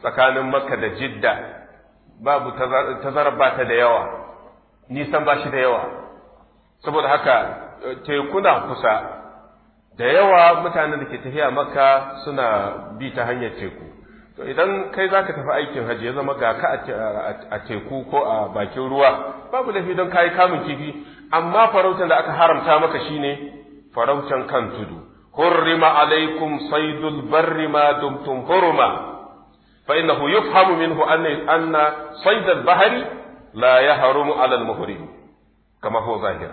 tsakanin makka da jidda babu tazarar ba ta da yawa nisan ba shi da yawa saboda haka eh, tekuna kusa da yawa mutanen da ke tafiya makka suna bi ta hanyar teku to idan kai za ka tafi aikin hajji ya zama ga ka a teku ko a bakin ruwa babu laifi don kayi kamun kifi amma farautan da aka haramta maka shine farautan kan tudu hurrima alaikum saydul barri ma dumtum hurma fa innahu yufhamu minhu anna anna saydul bahri la yahrumu ala al-muhrim kama huwa zahir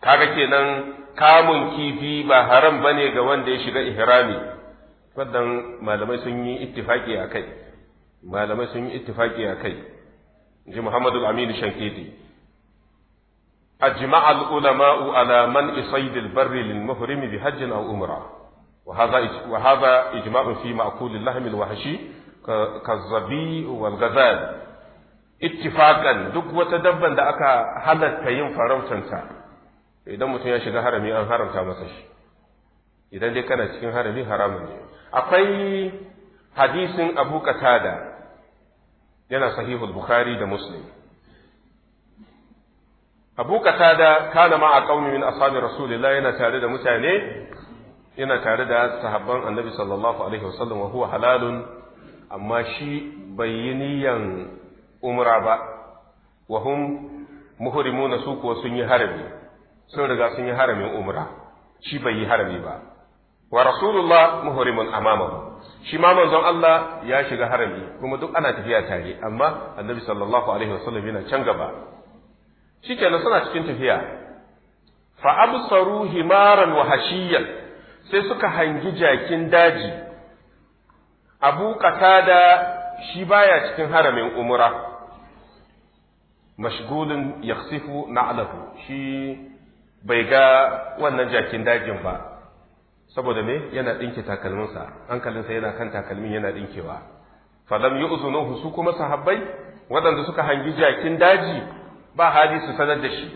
kaga kenan kamun kifi ba haram bane ga wanda ya shiga ihrami wannan malamai sun yi ittifaki a kai malamai sun yi ittifaki a kai ji muhammadu aminu shankiti أجمع العلماء على منع صيد البر hajjin بحج أو عمرة وهذا fi إجماع في مأكول ka zabi كالظبي والغزال ittifakan duk wata dabban da aka halatta yin farautanta idan mutum ya shiga harami an haramta masa shi idan dai kana cikin harami haramun ne akwai hadisin abu katada yana sahihul bukhari da muslim abu katada kana ma a qaumi min rasulillah yana tare da mutane yana tare da sahabban annabi sallallahu alaihi wasallam wa huwa halalun amma shi bai yi niyan umra ba wa hum muhrimuna su kuwa sun yi harami sun riga sun yi haramin umra shi bai yi harami ba wa rasulullah muhrimun amamahu shi ma manzon Allah ya shiga harami kuma duk ana tafiya tare amma annabi sallallahu alaihi wasallam yana can gaba shikenan suna cikin tafiya fa absaru himaran wa hashiyan sai suka hangi jakin daji abu qatada shi baya cikin haramin umra mashgulun yakhsifu na'lahu shi bai ga wannan jakin dajin ba saboda me yana dinke takalminsa hankalinsa yana kan takalmin yana dinkewa falam yu'zunuhu su kuma sahabbai waɗanda suka hangi jakin daji ba hali su sanar da shi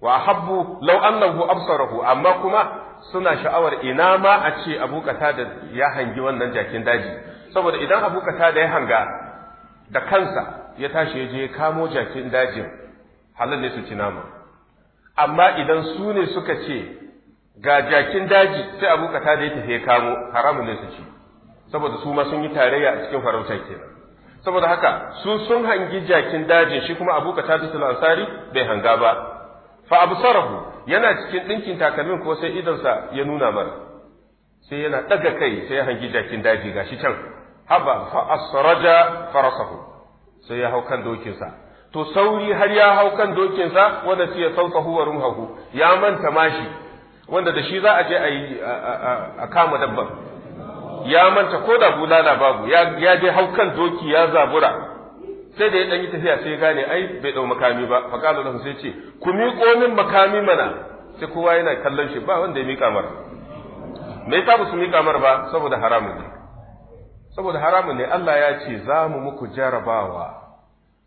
wa habbu law annahu absarahu amma kuma suna sha'awar ina ma a ce Abu da ya hangi wannan jakin daji saboda idan Abu da ya hanga da kansa ya tashi ya je kamo jakin dajin halal ne su ci nama amma idan su ne suka ce ga jakin daji sai abu ta da ya tafi kamo haramun ne su ci saboda su ma sun yi tarayya a cikin farauta kenan saboda haka su sun hangi jakin dajin shi kuma abu ta da ansari bai hanga ba fa abu sarahu yana cikin ɗinkin takalmin ko sai idonsa ya nuna mar sai yana daga kai sai ya hangi jakin daji gashi can haba fa asraja farasahu sai ya hau kan dokinsa to sauri har ya hau kan dokinsa wanda sai ya sauka huwa hahu ya manta mashi wanda da shi za a je a yi a kama dabban ya manta ko da bulala babu ya je haukan doki ya zabura sai da ya ɗanyi yi tafiya sai gane ai bai ɗau makami ba faƙala lahu sai ce ku miƙo min makami mana sai kowa yana kallon shi ba wanda ya miƙa mara me yasa ba su miƙa mara ba saboda haramun ne saboda haramun ne Allah ya ce za mu muku jarabawa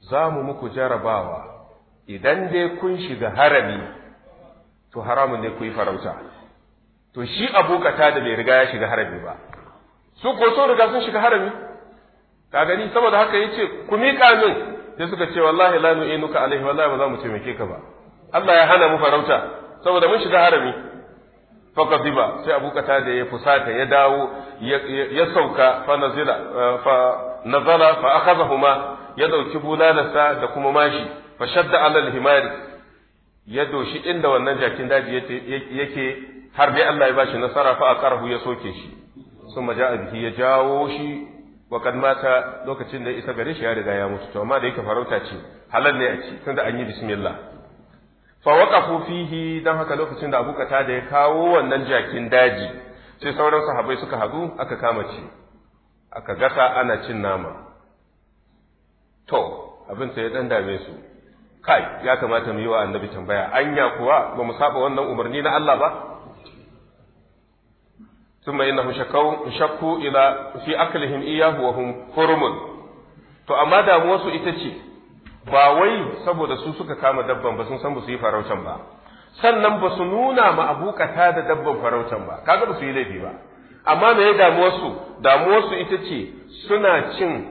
za mu muku jarabawa idan dai kun shiga harami to haramun ne ku yi farauta to shi abu da bai riga ya shiga harami ba su ko sun riga sun shiga harami ka gani saboda haka yace ku miƙa min sai suka ce wallahi la nu'inuka alaihi wallahi ba za mu taimake ka ba Allah ya hana mu farauta saboda mun shiga harami fakadiba sai abu kata da ya fusata ya dawo ya sauka fa nazila eh, fa nazala fa akhadhahuma ya dauki bulalarsa da kuma mashi fa shadda alal himari ya doshi inda wannan jakin daji yake har dai Allah ya bashi nasara fa aqarahu ya soke shi sun maja bihi ya jawo shi wa kan mata lokacin da isa gare shi ya riga ya mutu to amma da yake farauta ce halal ne a ci tunda an yi bismillah fa waqafu fihi dan haka lokacin da Abu da ya kawo wannan jakin daji sai sauran sahabbai suka hadu aka kama ci aka gasa ana cin nama to abin sai ya dan dame su kai ya kamata mu yi wa annabi tambaya anya kuwa ba mu saba wannan umarni na Allah ba ثم إنهم شكوا شكوا إلى في Iyahu, إياه وهم حرم to amma damuwarsu ita ce ba wai saboda su suka kama dabban ba sun san ba su yi farautan ba sannan ba su nuna ma abokata da dabban farautan ba kaga ba su yi laifi ba amma me ya wasu? damuwarsu damuwarsu ita ce suna cin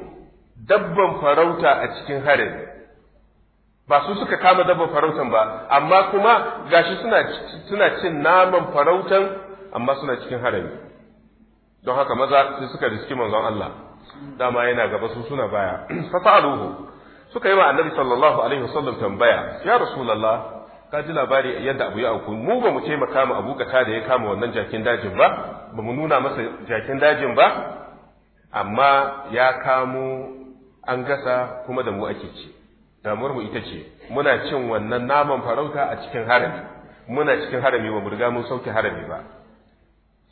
dabban farauta a cikin harin ba su suka kama dabban farautan ba amma kuma gashi suna suna cin naman farautan amma suna cikin harami don haka maza sai suka riski manzon Allah dama yana gaba su suna baya *clears throat* fa fa'aluhu suka yi wa annabi sallallahu alaihi wasallam tambaya ya rasulullah ka ji labari yadda abu ya auku mu ba mu taimaka ma abu da ya kama wannan jakin dajin ba ba mu nuna masa jakin dajin ba amma ya kamo an gasa kuma da mu ake ci damuwar mu ita ce muna cin wannan naman farauta a cikin harami muna cikin harami ba mu riga mun sauke harami ba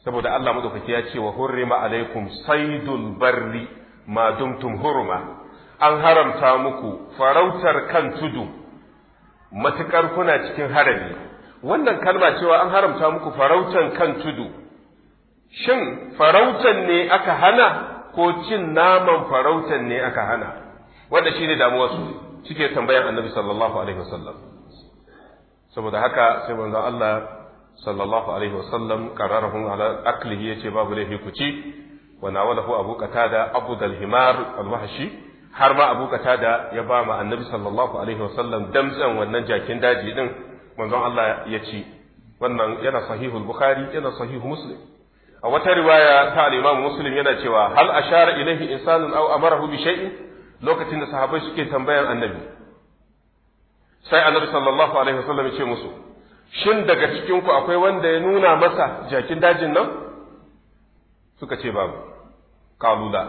saboda Allah madaukaki ya ce wa hurrima alaikum saydul barri ma dumtum hurma an haramta muku farautar kan tudu matukar kuna cikin harami wannan kalma cewa an haramta muku farautan kan tudu shin farautan ne aka hana ko cin naman farautan ne aka hana wanda shi ne damuwarsu suke tambayan annabi sallallahu alaihi wasallam saboda haka sai manzon Allah sallallahu alaihi wasallam qararahum ala aklihi yace babu laifi ku ci wa nawalahu abu qatada abu dal himar al wahshi har ma abu qatada ya ba ma annabi sallallahu alaihi wasallam damtsan wannan jakin daji din manzon Allah ya ci wannan yana sahihu bukhari yana sahihu muslim a wata riwaya ta al-imam muslim yana cewa hal ashara ilaihi insanun aw amarahu bi shay'in lokacin da sahabbai suke tambayar annabi sai annabi sallallahu alaihi wasallam ya ce musu shin daga cikin ku akwai wanda ya nuna masa jakin dajin nan suka ce babu kalula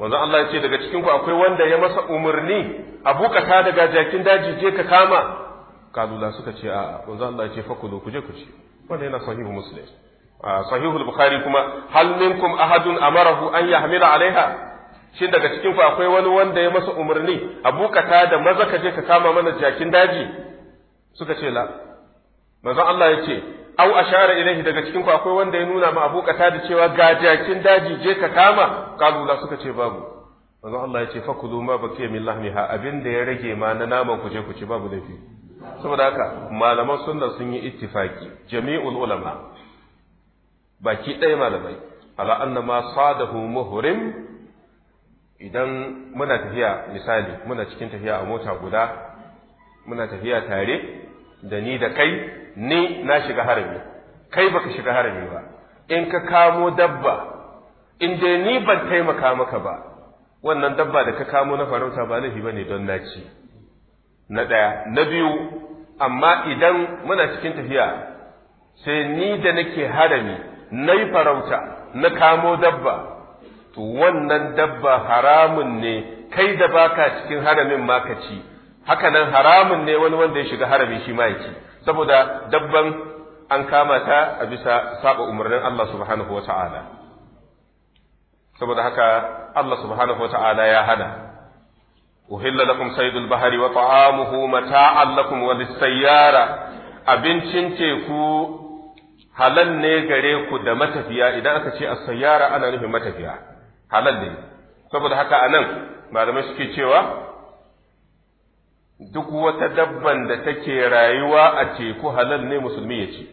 wanzan Allah ya ce daga cikin ku akwai wanda ya masa umarni a bukata daga jakin daji je ka kama kalula suka ce a'a wanzan Allah ya ce fakulu ku je ku ci wanda yana sahihu muslim ah, sahihu bukhari kuma hal minkum ahadun amarahu an yahmila alaiha shin daga cikin ku akwai wani wanda ya masa umarni a bukata da maza ka je ka kama mana jakin daji suka ce la manzon Allah ya ce au ashara ilaihi daga cikin ku akwai wanda ya nuna ma abokata da cewa ga jakin daji je ka kama kalula suka ce babu manzon Allah ya ce fakulu ma bakiya min lahmiha abin da ya rage ma na naman ku je ku ci babu laifi saboda haka malaman sunna sun yi ittifaki jami'ul ulama baki ɗaya malamai ala annama sadahu muhrim idan muna tafiya misali muna cikin tafiya a mota guda muna tafiya tare da ni da kai ni na shiga harami kai baka shiga harami ba in ka kamo dabba in dai ni ban taimaka maka ba wannan dabba da ka kamo na farauta ba laifi bane don naci na ɗaya na biyu amma idan muna cikin tafiya sai ni da nake harami na yi farauta na kamo dabba to wannan dabba haramun ne kai da baka cikin haramin ma ka ci haka nan haramun ne wani wanda ya shiga harami shi ma ya ci saboda dabban an kama ta a bisa saba umarnin Allah subhanahu wata'ala saboda haka Allah subhanahu wata'ala ya hana uhilla lakum saydul bahari wa ta'amuhu mata'an lakum wa lis-sayyara abincin teku halal ne gare ku da matafiya idan aka ce as-sayyara ana nufin matafiya halal ne saboda haka anan malamai suke cewa duk wata dabban da take rayuwa a teku halal ne musulmi ya ce.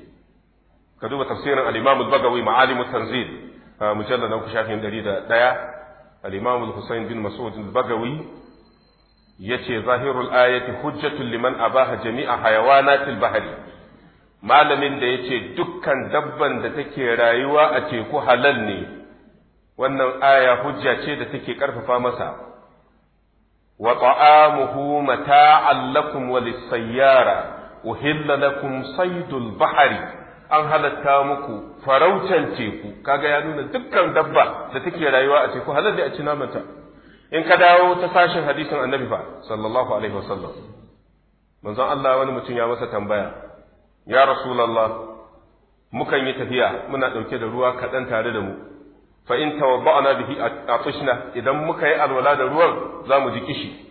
ka duba tafsirin al-Imam al-Bagawi ma'alim tanzil mujallad na shafin 101 al-Imam al-Husayn bin Mas'ud al-Bagawi yace zahirul ayati hujjatul liman abaha jami'a hayawanatil bahri malamin da yace dukkan dabban da take rayuwa a teku halal ne wannan aya hujja ce da take ƙarfafa masa wa ta'amuhu mata'an lakum wa sayyara uhilla lakum saydul bahari an halatta muku farautan teku kaga ya nuna dukkan dabba da take rayuwa a teku halal a ci namanta in ka dawo ta sashen hadisin annabi fa sallallahu alaihi wasallam manzon Allah wani mutum ya masa tambaya ya rasulullah mukan yi tafiya muna ɗauke da ruwa kaɗan tare da mu fa in tawabba'na bihi atishna idan muka yi alwala da ruwan za mu ji kishi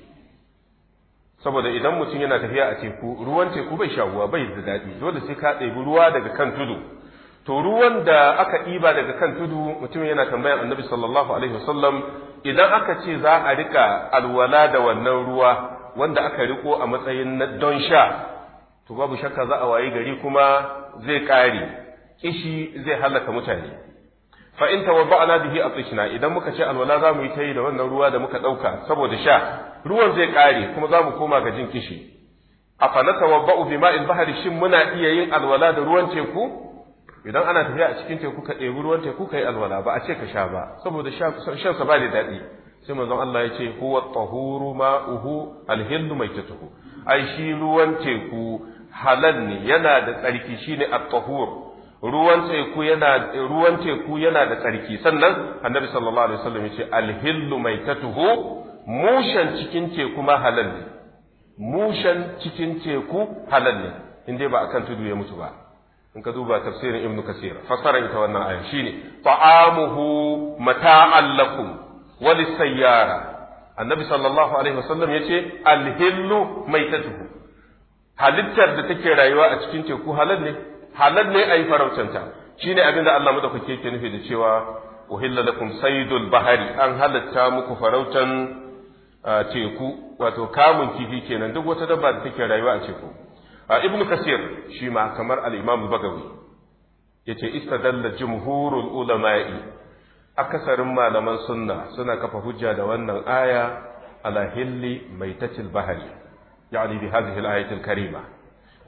saboda idan mutum yana tafiya a teku ruwan teku bai shawuwa bai da daɗi dole sai ka ɗebi ruwa daga kan tudu to ruwan da aka ɗiba daga kan tudu mutum yana tambaya annabi sallallahu alaihi wasallam idan aka ce za a rika alwala da wannan ruwa wanda aka riko a matsayin na don sha to babu shakka za a wayi gari kuma zai ƙare kishi zai halaka mutane fa in tawadda'na bihi atishna idan muka ce alwala zamu yi tayi da wannan ruwa da muka dauka saboda sha ruwan zai kare kuma zamu koma ga jin kishi afana tawabba'u bima'il bahri shin muna iya yin alwala da ruwan teku idan ana tafiya a cikin teku ka ɗebi ruwan teku kai alwala ba a ce ka sha ba saboda shan sa ba da daɗi sai manzon Allah ya ce huwa tahuru ma'uhu mai maitatuhu ai shi ruwan teku halal ne yana da tsarki shine at-tahur ruwan teku yana ruwan teku yana da tsarki sannan annabi sallallahu alaihi wasallam ya ce alhillu maitatuhu mushan cikin teku ma halal ne mushan cikin teku halal ne in dai ba akan tudu ya mutu ba in ka duba tafsirin ibnu kasir fasara ita wannan aya shine ta'amuhu mata'an lakum wa annabi sallallahu alaihi wasallam yace alhillu maitatuhu halittar da take rayuwa a cikin teku halal ne halal ne a yi farautanta shi ne abin da Allah madaukake ke nufi da cewa uhilla lakum saydul bahari an halatta muku farautan teku wato kamun kifi kenan duk wata dabba da take rayuwa a teku ibnu kasir shi ma kamar al-imam bagawi yace istadalla jumhurul ulama'i akasarin malaman sunna suna kafa hujja da wannan aya ala hilli maitatil bahari yani bi hadhihi al-ayati al-karima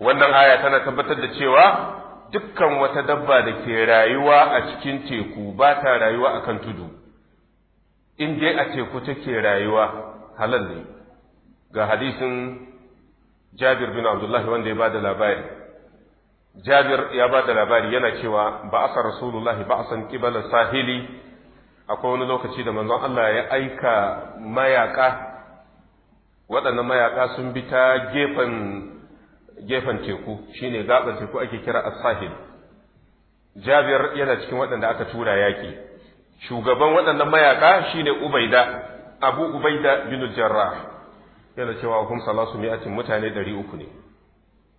wannan aya tana tabbatar da cewa dukkan wata dabba da ke rayuwa a cikin teku ba ta rayuwa a kan tudu in dai a teku take rayuwa halal ne ga hadisin jabir bin abdullahi wanda ya ba da labari jabir ya ba da labari yana cewa ba asa rasulullahi ba asan kibalar sahili akwai wani lokaci da manzon Allah ya aika mayaka waɗannan mayaka sun bi ta gefen gefen teku shi ne gabar teku ake kira as-sahil Jabir yana cikin waɗanda aka tura yaƙi. shugaban waɗannan shi ne Ubaida Abu Ubaida bin Jarrah yana cewa hum salasu mi'atin mutane ɗari uku ne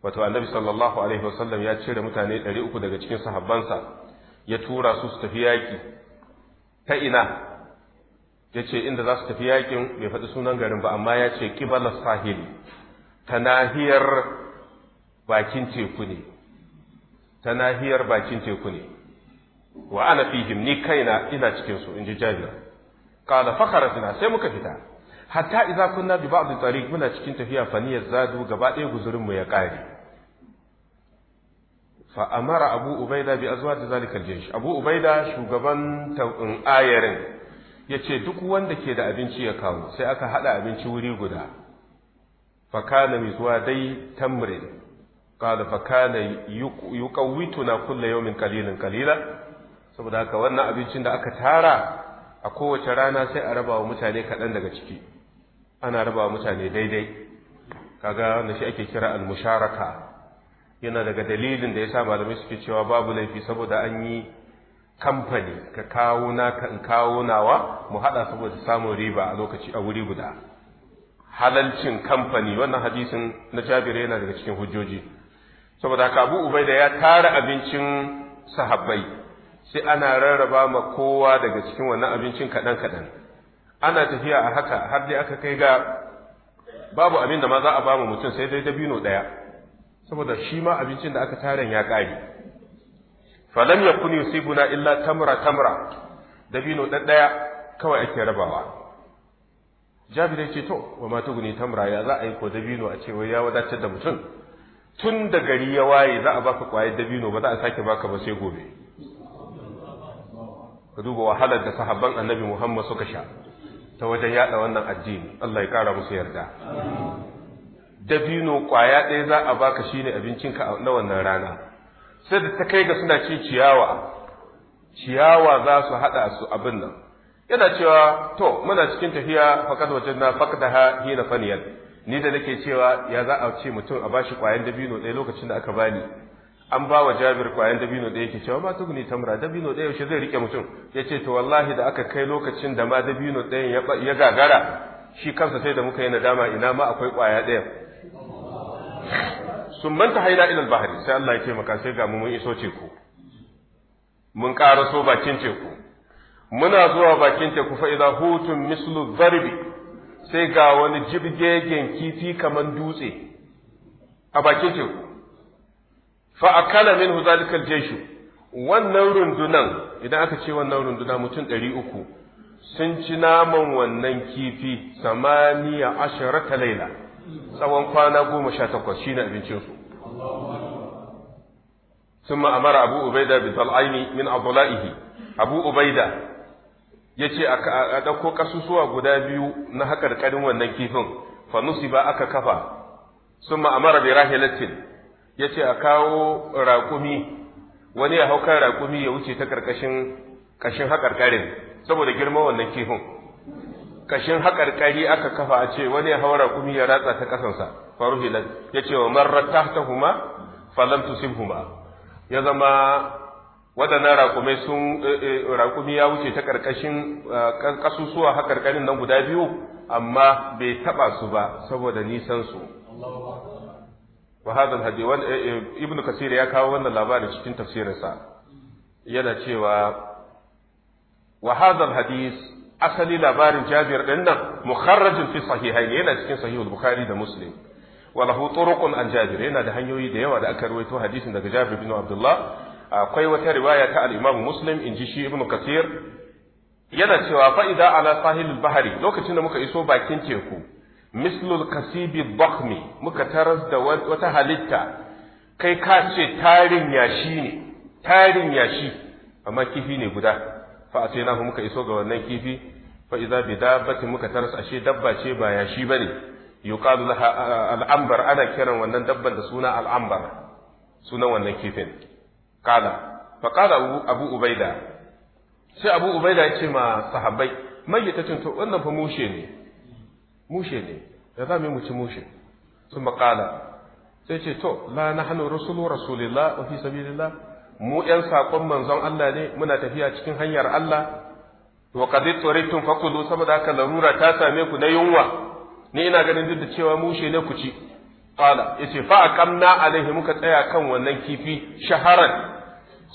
wato Annabi sallallahu alaihi wasallam ya cire mutane ɗari uku daga cikin sahabbansa ya tura su su tafi yaƙi. ta ina Ya ce inda za su tafi yaƙin, bai faɗi sunan garin ba amma ya ce qibala sahili ta nahiyar bakin teku ne ta nahiyar bakin teku ne wa ana fihim ni kaina ina cikin su inji jabir qala fa kharajna sai muka fita hatta idza kunna bi ba'd tariq muna cikin tafiya faniyar zadu gaba ɗaya guzurin mu ya kare fa amara abu ubaida bi azwaji zalika aljaysh abu ubaida shugaban tawin um, ayarin yace duk wanda ke da abinci ya kawo sai aka haɗa abinci wuri guda fa kana zuwa dai tamrin قال فكان kana كل يوم قليلا قليلا saboda haka wannan abincin da aka tara a kowace rana sai a rabawa mutane kaɗan daga ciki ana rabawa mutane daidai kaga wanda shi ake kira al yana daga dalilin da ya sa malamai suke cewa babu laifi saboda an yi kamfani ka kawo naka in kawo nawa mu haɗa saboda samun riba a lokaci a wuri guda halalcin kamfani wannan hadisin na jabir yana daga cikin hujjoji saboda haka abu ubaida ya tara abincin sahabbai sai ana rarraba ma kowa daga cikin wannan abincin kaɗan kaɗan ana tafiya a haka har dai aka kai ga babu abin da ma za a ba mu mutum sai dai dabino ɗaya saboda shi ma abincin da aka taran ya ƙare falam yakun yusibuna illa tamra tamra dabino ɗaya kawai ake rabawa jabi ya ce to wa ma tuguni tamra ya za a yi ko dabino a ce wai ya wadatar da mutum tun da gari ya waye za a baka kwaye dabino ba za a sake baka ba sai gobe ka duba wahalar da sahabban annabi Muhammad suka sha ta wajen yada wannan addini Allah ya kara musu yarda dabino kwaya ɗaya za a baka shine abincinka na wannan rana sai da ta kai ga suna ci ciyawa ciyawa za su hada su abin nan yana cewa to muna cikin tafiya fakat wajen na fakdaha hina faniyal ni da nake cewa ya za a ce mutum a bashi kwayan dabino ɗaya lokacin da aka bani an ba wa jabir kwayan dabino ɗaya yake cewa ma tugni tamra dabino ɗaya yaushe zai rike mutum ya ce to wallahi da aka kai lokacin da ma dabino ɗayan ya gagara shi kansa sai da muka yi nadama ina ma akwai kwaya ɗaya sun manta haina ilal bahari sai Allah ya ce maka sai ga mu mun iso teku mun karaso bakin teku muna zuwa bakin teku fa hutun mislu dharbi sai ga wani jibgegen kifi kaman dutse a bakin teku fa akala minhu zalika aljayshu wannan rundunan idan aka ce wannan runduna mutum ɗari uku sun ci naman wannan kifi samaniya asharata laila tsawon kwana goma sha takwas shine abincinsu ثم أمر أبو عبيدة بطلعين min أضلائه Abu Ubaida. ya ce a ɗauko ƙasusuwa guda biyu na haƙarƙarin wannan kifin fa ba aka kafa sun ma'amara rahe latin ya ce a kawo raƙumi wani ya hau kan raƙumi ya wuce ta ƙarƙashin ƙashin haƙarƙarin saboda girman wannan kifin ƙashin ƙari aka kafa a ce wani ya hau raƙumi ya ratsa ta ƙasansa faruhilat ya ce wa marar ta huma falam tusib huma ya zama waɗannan raƙumai sun eh, eh, raƙumi ya wuce ta ƙarƙashin eh, ƙasusuwa ha ƙarƙarin nan guda biyu amma bai taɓa su ba saboda nisan su wa hadi ibn kasir ya kawo wannan labarin cikin tafsirinsa yana cewa wa hadis asali labarin jabir din nan mukharrajin fi sahihaini yana cikin sahihul bukhari da muslim wa lahu turuqun an jabir yana da hanyoyi da yawa da aka rawaito hadisin daga jabir bin abdullah akwai wata riwaya ta al-Imam Muslim in ji shi Ibn Kathir yana cewa faida idza ala lokacin da muka iso bakin teku mislul kasibi bakhmi muka taras da wata halitta kai ka ce tarin yashi ne tarin yashi amma kifi ne guda fa sai na muka iso ga wannan kifi fa idza bi dabbati muka taras ashe dabba ce ba yashi bane yuqalu laha al'ambar ana kiran wannan dabban da suna al'ambar sunan wannan kifin kala fa kala abu ubaida sai abu ubaida ya ce ma sahabbai ta to wannan fa mushe ne mushe ne da za mu mu ci mushe sun makala sai ce to la nahnu rusulu rasulillah wa fi sabilillah mu yan sakon manzon Allah ne muna tafiya cikin hanyar Allah wa qad turitum fakulu saboda haka larura ta same ku na yunwa ni ina ganin duk da cewa mushe ne ku ci ya yace fa aqamna alaihi muka tsaya kan wannan kifi shaharan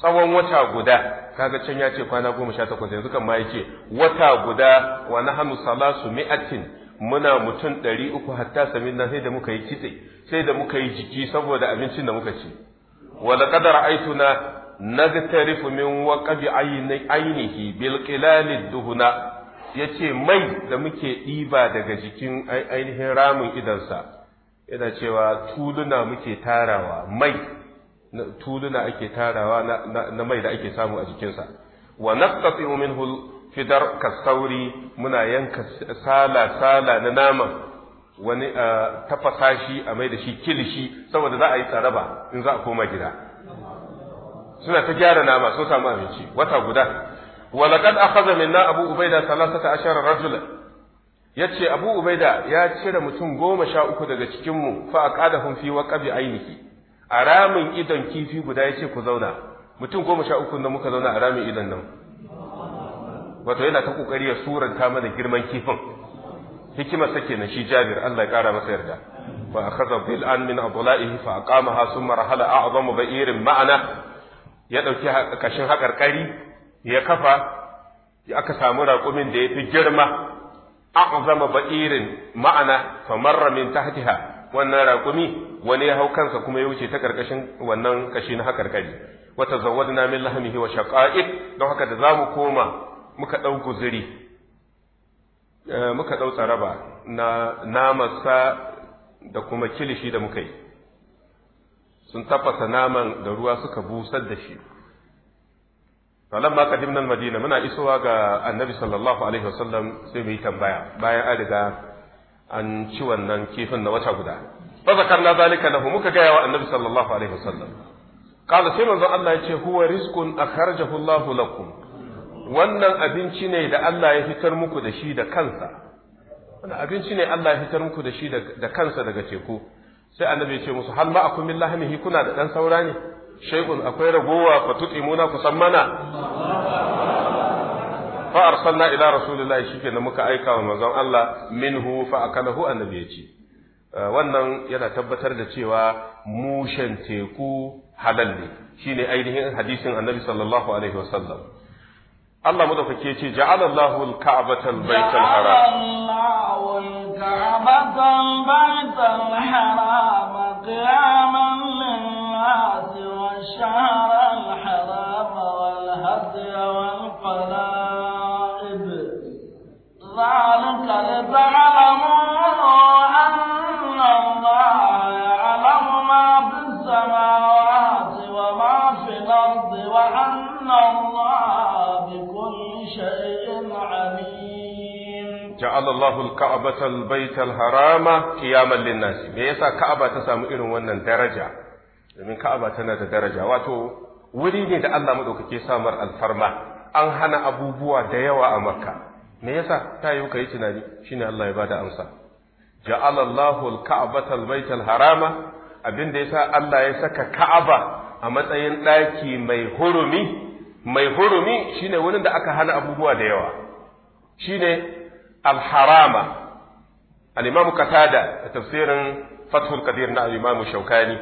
tsawon wata guda kaga can ya ce kwana goma sha takwas yanzu kan ma ya ce wata guda wa na hannu salasu mi'atin muna mutum ɗari uku hatta samin na sai da muka yi kitse sai da muka yi jiki saboda abincin da muka ci wa da kadar aituna nagtarifu min waqabi ainihi bil qilal duhuna yace mai da muke ɗiba daga jikin ainihin ramin idansa yana cewa tuluna muke tarawa mai tuluna ake tarawa na mai da ake samu a jikinsa wa naqtatu minhu fidar kasauri muna yanka sala sala na naman wani tafasa shi a mai da shi kilishi saboda za a yi tsaraba in za a koma gida suna ta gyara nama sun samu abinci wata guda walaqad akhadha minna abu ubaida 13 rajula yace abu ubaida ya cire mutum goma sha uku daga cikin mu fa aqadahum fi waqabi ainihi a ramin idon kifi guda ya ce ku zauna mutum goma sha uku da muka zauna a ramin idon nan wato yana ta kokari ya suranta mana girman kifin hikimar sa kenan shi Jabir Allah ya kara masa yarda fa akhadha bil an min adla'ihi fa aqamaha thumma rahala a'zamu ba'irin ma'ana ya dauki kashin hakarkari ya kafa aka samu raƙumin da ya fi girma zama ba'irin ma'ana fa marra min tahtiha wannan raƙumi wani ya hau kansa kuma ya wuce ta karkashin wannan kashi na hakarkari wata zawadna min lahmihi wa shaqa'iq don haka da zamu koma muka dau guzuri eh, muka dau tsaraba na namarsa da kuma kilishi da muka yi sun tafasa naman da ruwa suka busar da shi falamma ka al-madina muna isowa ga annabi sallallahu alaihi wasallam sai mu yi tambaya bayan an riga an ci wannan kifin na wata guda fa zakarna zalika lahu muka gaya wa annabi sallallahu alaihi wasallam qala sai manzon Allah ya ce huwa rizqun akhrajahu Allahu lakum wannan abinci ne da Allah ya fitar muku da shi da kansa wannan abinci ne Allah ya fitar muku da shi da kansa daga teku sai annabi ya ce musu hal ma akum min lahmihi kuna da dan saura ne shay'un akwai ragowa fa tutimuna ku fa arsalna ila rasulillahi shikenan muka aika wa manzon Allah minhu fa akalahu annabi yace eh, wannan yana tabbatar da cewa mushen teku halal ne shine ainihin hadisin annabi sallallahu alaihi wasallam Allah madaukake ce ja'alallahu al-ka'bata al-baytal haram Allahu al-ka'bata al-baytal haram qiyaman lin-nas wa shahra al-haram wal wal-qalam ذلك لتعلموا أن الله يعلم ما في السماوات وما في الأرض وأن الله بكل شيء عليم جعل الله الكعبة البيت الحرام قياما للناس ليس كعبة تسامو إرن ونن درجة من كعبة تنا درجة واتو wuri ne da Allah maɗaukake samar alfarma an hana abubuwa da yawa a makka me yasa ta yi yi tunani shine Allah ya bada amsa ja'ala Allahu al-ka'bata al-bayta al-harama abinda yasa Allah ya saka Ka'aba a matsayin ɗaki mai hurumi mai hurumi shine wurin da aka hana abubuwa da yawa shine al-harama al-Imam Qatada a tafsirin Fathul Qadir na al-Imam Shawkani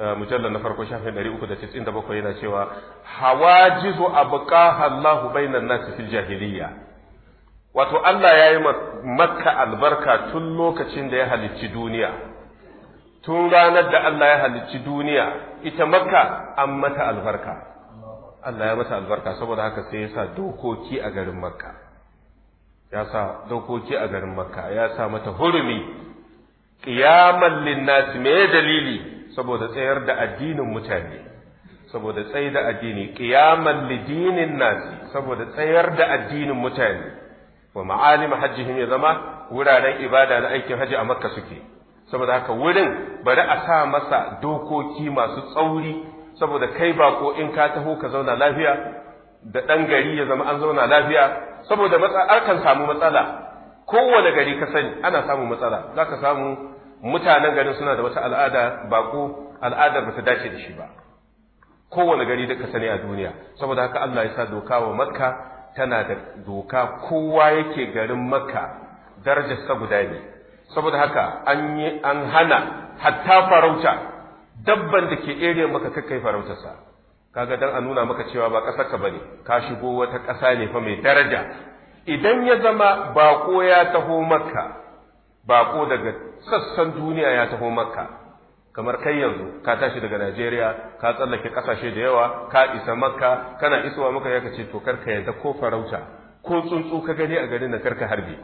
uh, mujallar na farko shafin 397 yana cewa hawa hawajizu abqaha Allahu bainan nasi fil jahiliyya wato Allah ya yi makka albarka tun lokacin da ya halicci duniya tun ranar da Allah ya halicci duniya ita makka an mata albarka Allah ya mata albarka saboda haka sai ya sa dokoki a garin makka ya sa dokoki a garin makka ya sa mata hurumi qiyaman linnasi me dalili saboda tsayar da addinin mutane saboda tsayar da addini qiyaman lidinin nasi saboda tsayar da addinin mutane wa ma'alim hajjihim ya zama wuraren ibada na aikin haji a makka suke saboda haka wurin bari a sa masa dokoki masu tsauri saboda kai bako in ka taho ka zauna lafiya da ɗan gari ya zama an zauna lafiya saboda akan samu matsala kowane gari ka sani ana samun matsala za ka samu mutanen garin suna da wata al'ada bako al'adar ba ta dace da shi ba kowane gari da ka sani a duniya saboda haka Allah ya sa doka wa makka tana da doka kowa yake garin maka darajarsa guda ne saboda haka an hana hatta farauta dabban da ke ere maka kakai farautarsa kaga dan a nuna maka cewa ba ƙasarka ba ne ka shigo wata ƙasa ne fa mai daraja idan ya zama baƙo ya taho maka, baƙo daga sassan duniya ya taho maka. kamar kai yanzu ka tashi daga Najeriya ka tsallake kasashe da yawa ka isa Makka kana isowa maka ya ce to karka yanta ko farauta ko tsuntsu ka gani a garin nan karka harbi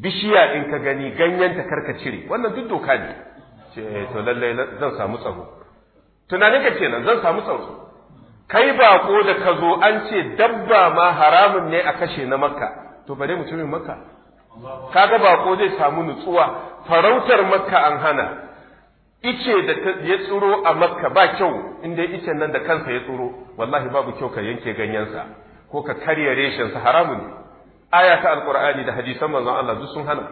bishiya in ka gani ganyen ta karka cire wannan duk doka ne ce eh, to lallai zan samu tsaro tunanin ka kenan zan samu tsaro kai ko da ka zo an ce dabba ma haramun ne a kashe na Makka to bare mutumin Makka kaga ko zai samu nutsuwa farautar Makka an hana ice da ya tsiro a makka ba kyau in dai icen nan da kansa ya tsiro wallahi babu kyau ka yanke ganyensa ko ka karya reshensa haramu ne aya ta alqur'ani da hadisan manzon Allah duk sun hana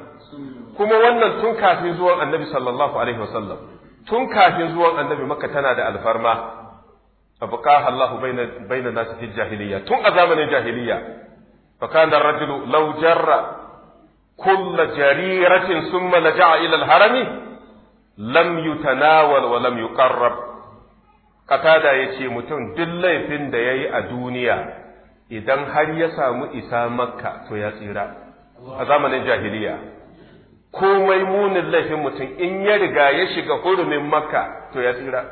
kuma wannan tun kafin zuwan annabi sallallahu alaihi wasallam tun kafin zuwan annabi makka tana da alfarma abqa Allah baina baina nas fi jahiliyya tun a zamanin jahiliyya fa kana ar-rajulu law jarra kull jariratin summa laja'a ila al-harami lam yutanawal wa lam yuqarrab katada yace mutum duk laifin da yayi a duniya idan har ya samu isa makka to ya tsira a zamanin jahiliya komai munin laifin mutum in ya riga ya shiga hurumin makka to ya tsira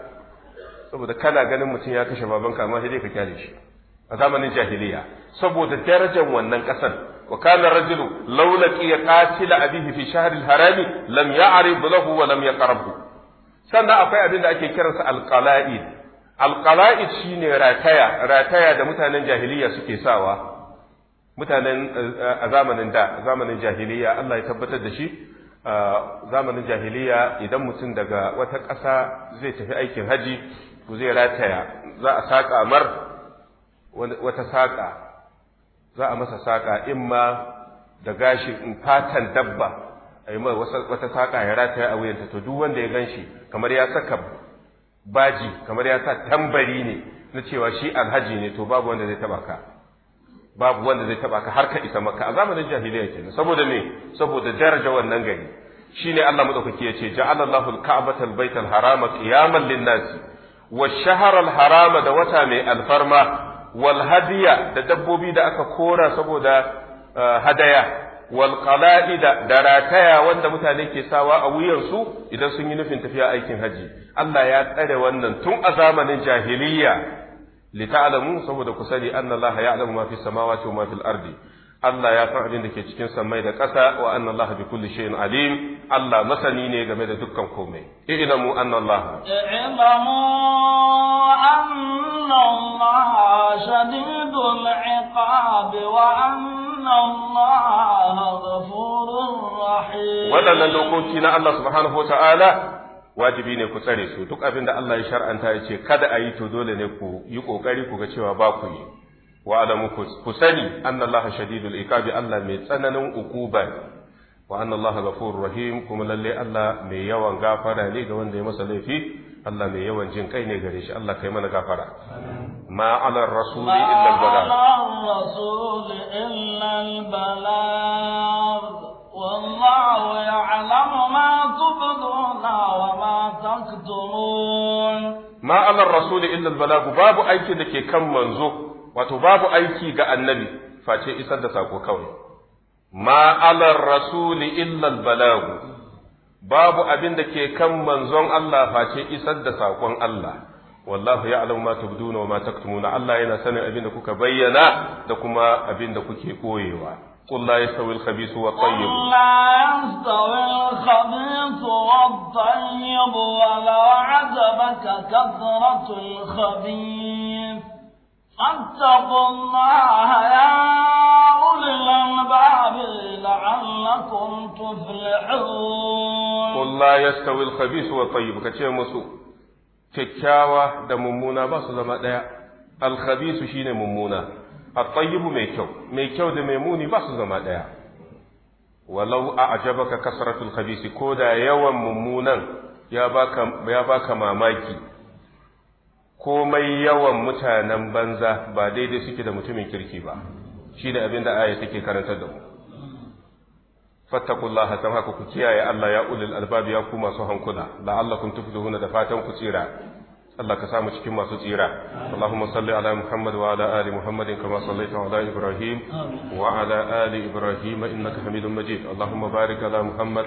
saboda kana ganin mutum ya kashe babanka amma sai dai ka kyale shi a zamanin jahiliya saboda darajar wannan kasar wa kana rajulu laula qiya qatila abihi fi shahr al-haram lam ya'rif lahu wa lam yaqrabu sannan akwai abin da ake kiransa alqala'id alqala'id shine rataya rataya da mutanen jahiliya suke sawa mutanen eh, a zamanin da zamanin jahiliya Allah ya tabbatar da shi eh, zamanin jahiliya idan mutum daga wata ƙasa zai tafi aikin haji to zai rataya za a saƙa mar wata saƙa za a masa saƙa in ma da gashin fatan dabba a yi wata saƙa ya rataya a wuyanta to duk wanda ya gan shi kamar ya saka baji kamar ya sa tambari ne na cewa shi alhaji ne to babu wanda zai taba ka babu wanda zai taba ka har ka isa maka a zamanin jahiliya ke saboda me saboda daraja wannan gari shi ne Allah madaukaki yace ja'ala Allahu al-ka'bata al-bayta al-harama qiyaman lin-nas wa ash-shahra al-harama da wata mai alfarma Walhadiya da dabbobi da aka kora saboda eh, hadaya wal qala'ida da rataya wanda mutane ke sawa a wuyansu idan sun yi nufin tafiya aikin hajji, Allah ya tsare wannan tun a zamanin jahiliya. li ta'lamu saboda ku sani anna Allah ya'lamu ma fi samawati wa Allah ya san abin da ke cikin samai da ƙasa wa anna Allah bi kulli shay'in alim Allah masani ne game da dukkan komai i'lamu anna أن الله شديد العقاب وأن الله غفور رحيم ولن دوكوكينا الله سبحانه وتعالى wajibi ne ku tsare su duk abin da Allah ya shar'anta ya ce kada a yi to dole ne ku yi kokari ku ga cewa ba ku yi wa alamu ku sani annallaha shadidul iqabi Allah mai tsananin ukuba wa annallaha ghafurur rahim kuma lalle Allah mai yawan gafara ne ga wanda ya masa laifi Allah mai yawan jin kai ne gare shi Allah kai mana gafara ma ala rasul illa al bala ma ala rasul illa al bala wallahu ya'lamu ma tubduna wa ma taktumun ma ala rasul illa al bala babu aiki da ke kan manzo wato babu aiki ga annabi face isar da sako kawai ma ala rasul illa al balagu babu abin da ke kan manzon Allah face isar da saƙon Allah wallahu ya'lamu mata tubduna wa ma taktumuna Allah yana sanin abin da kuka bayyana da kuma abin da kuke koyewa قل لا يستوي الخبيث والطيب لا يستوي الخبيث والطيب ولو عجبك كثرة الخبيث فاتقوا الله يا أولي الألباب لعلكم تفلحون قل لا يستوي الخبيث والطيب كتير مسو kyakkyawa da mummuna ba su zama ɗaya alkhabisu shine mummuna at-tayyibu mai kyau mai kyau da mai muni ba su zama ɗaya walau a'jabaka kasratul khabisi ko da yawan mummunan ya baka mamaki komai yawan mutanen banza ba daidai suke da mutumin kirki ba shi da abin da aya take karantar da mu fattakullah san haka ku kiyaye Allah ya ulil albab ya ku masu hankula la'allakum tuflihuna da fatan ku tsira Allah ka samu cikin masu tsira Allahumma salli ala Muhammad wa ala ali Muhammad kama sallaita ala Ibrahim wa ala ali Ibrahim innaka Hamidum Majid Allahumma barik ala Muhammad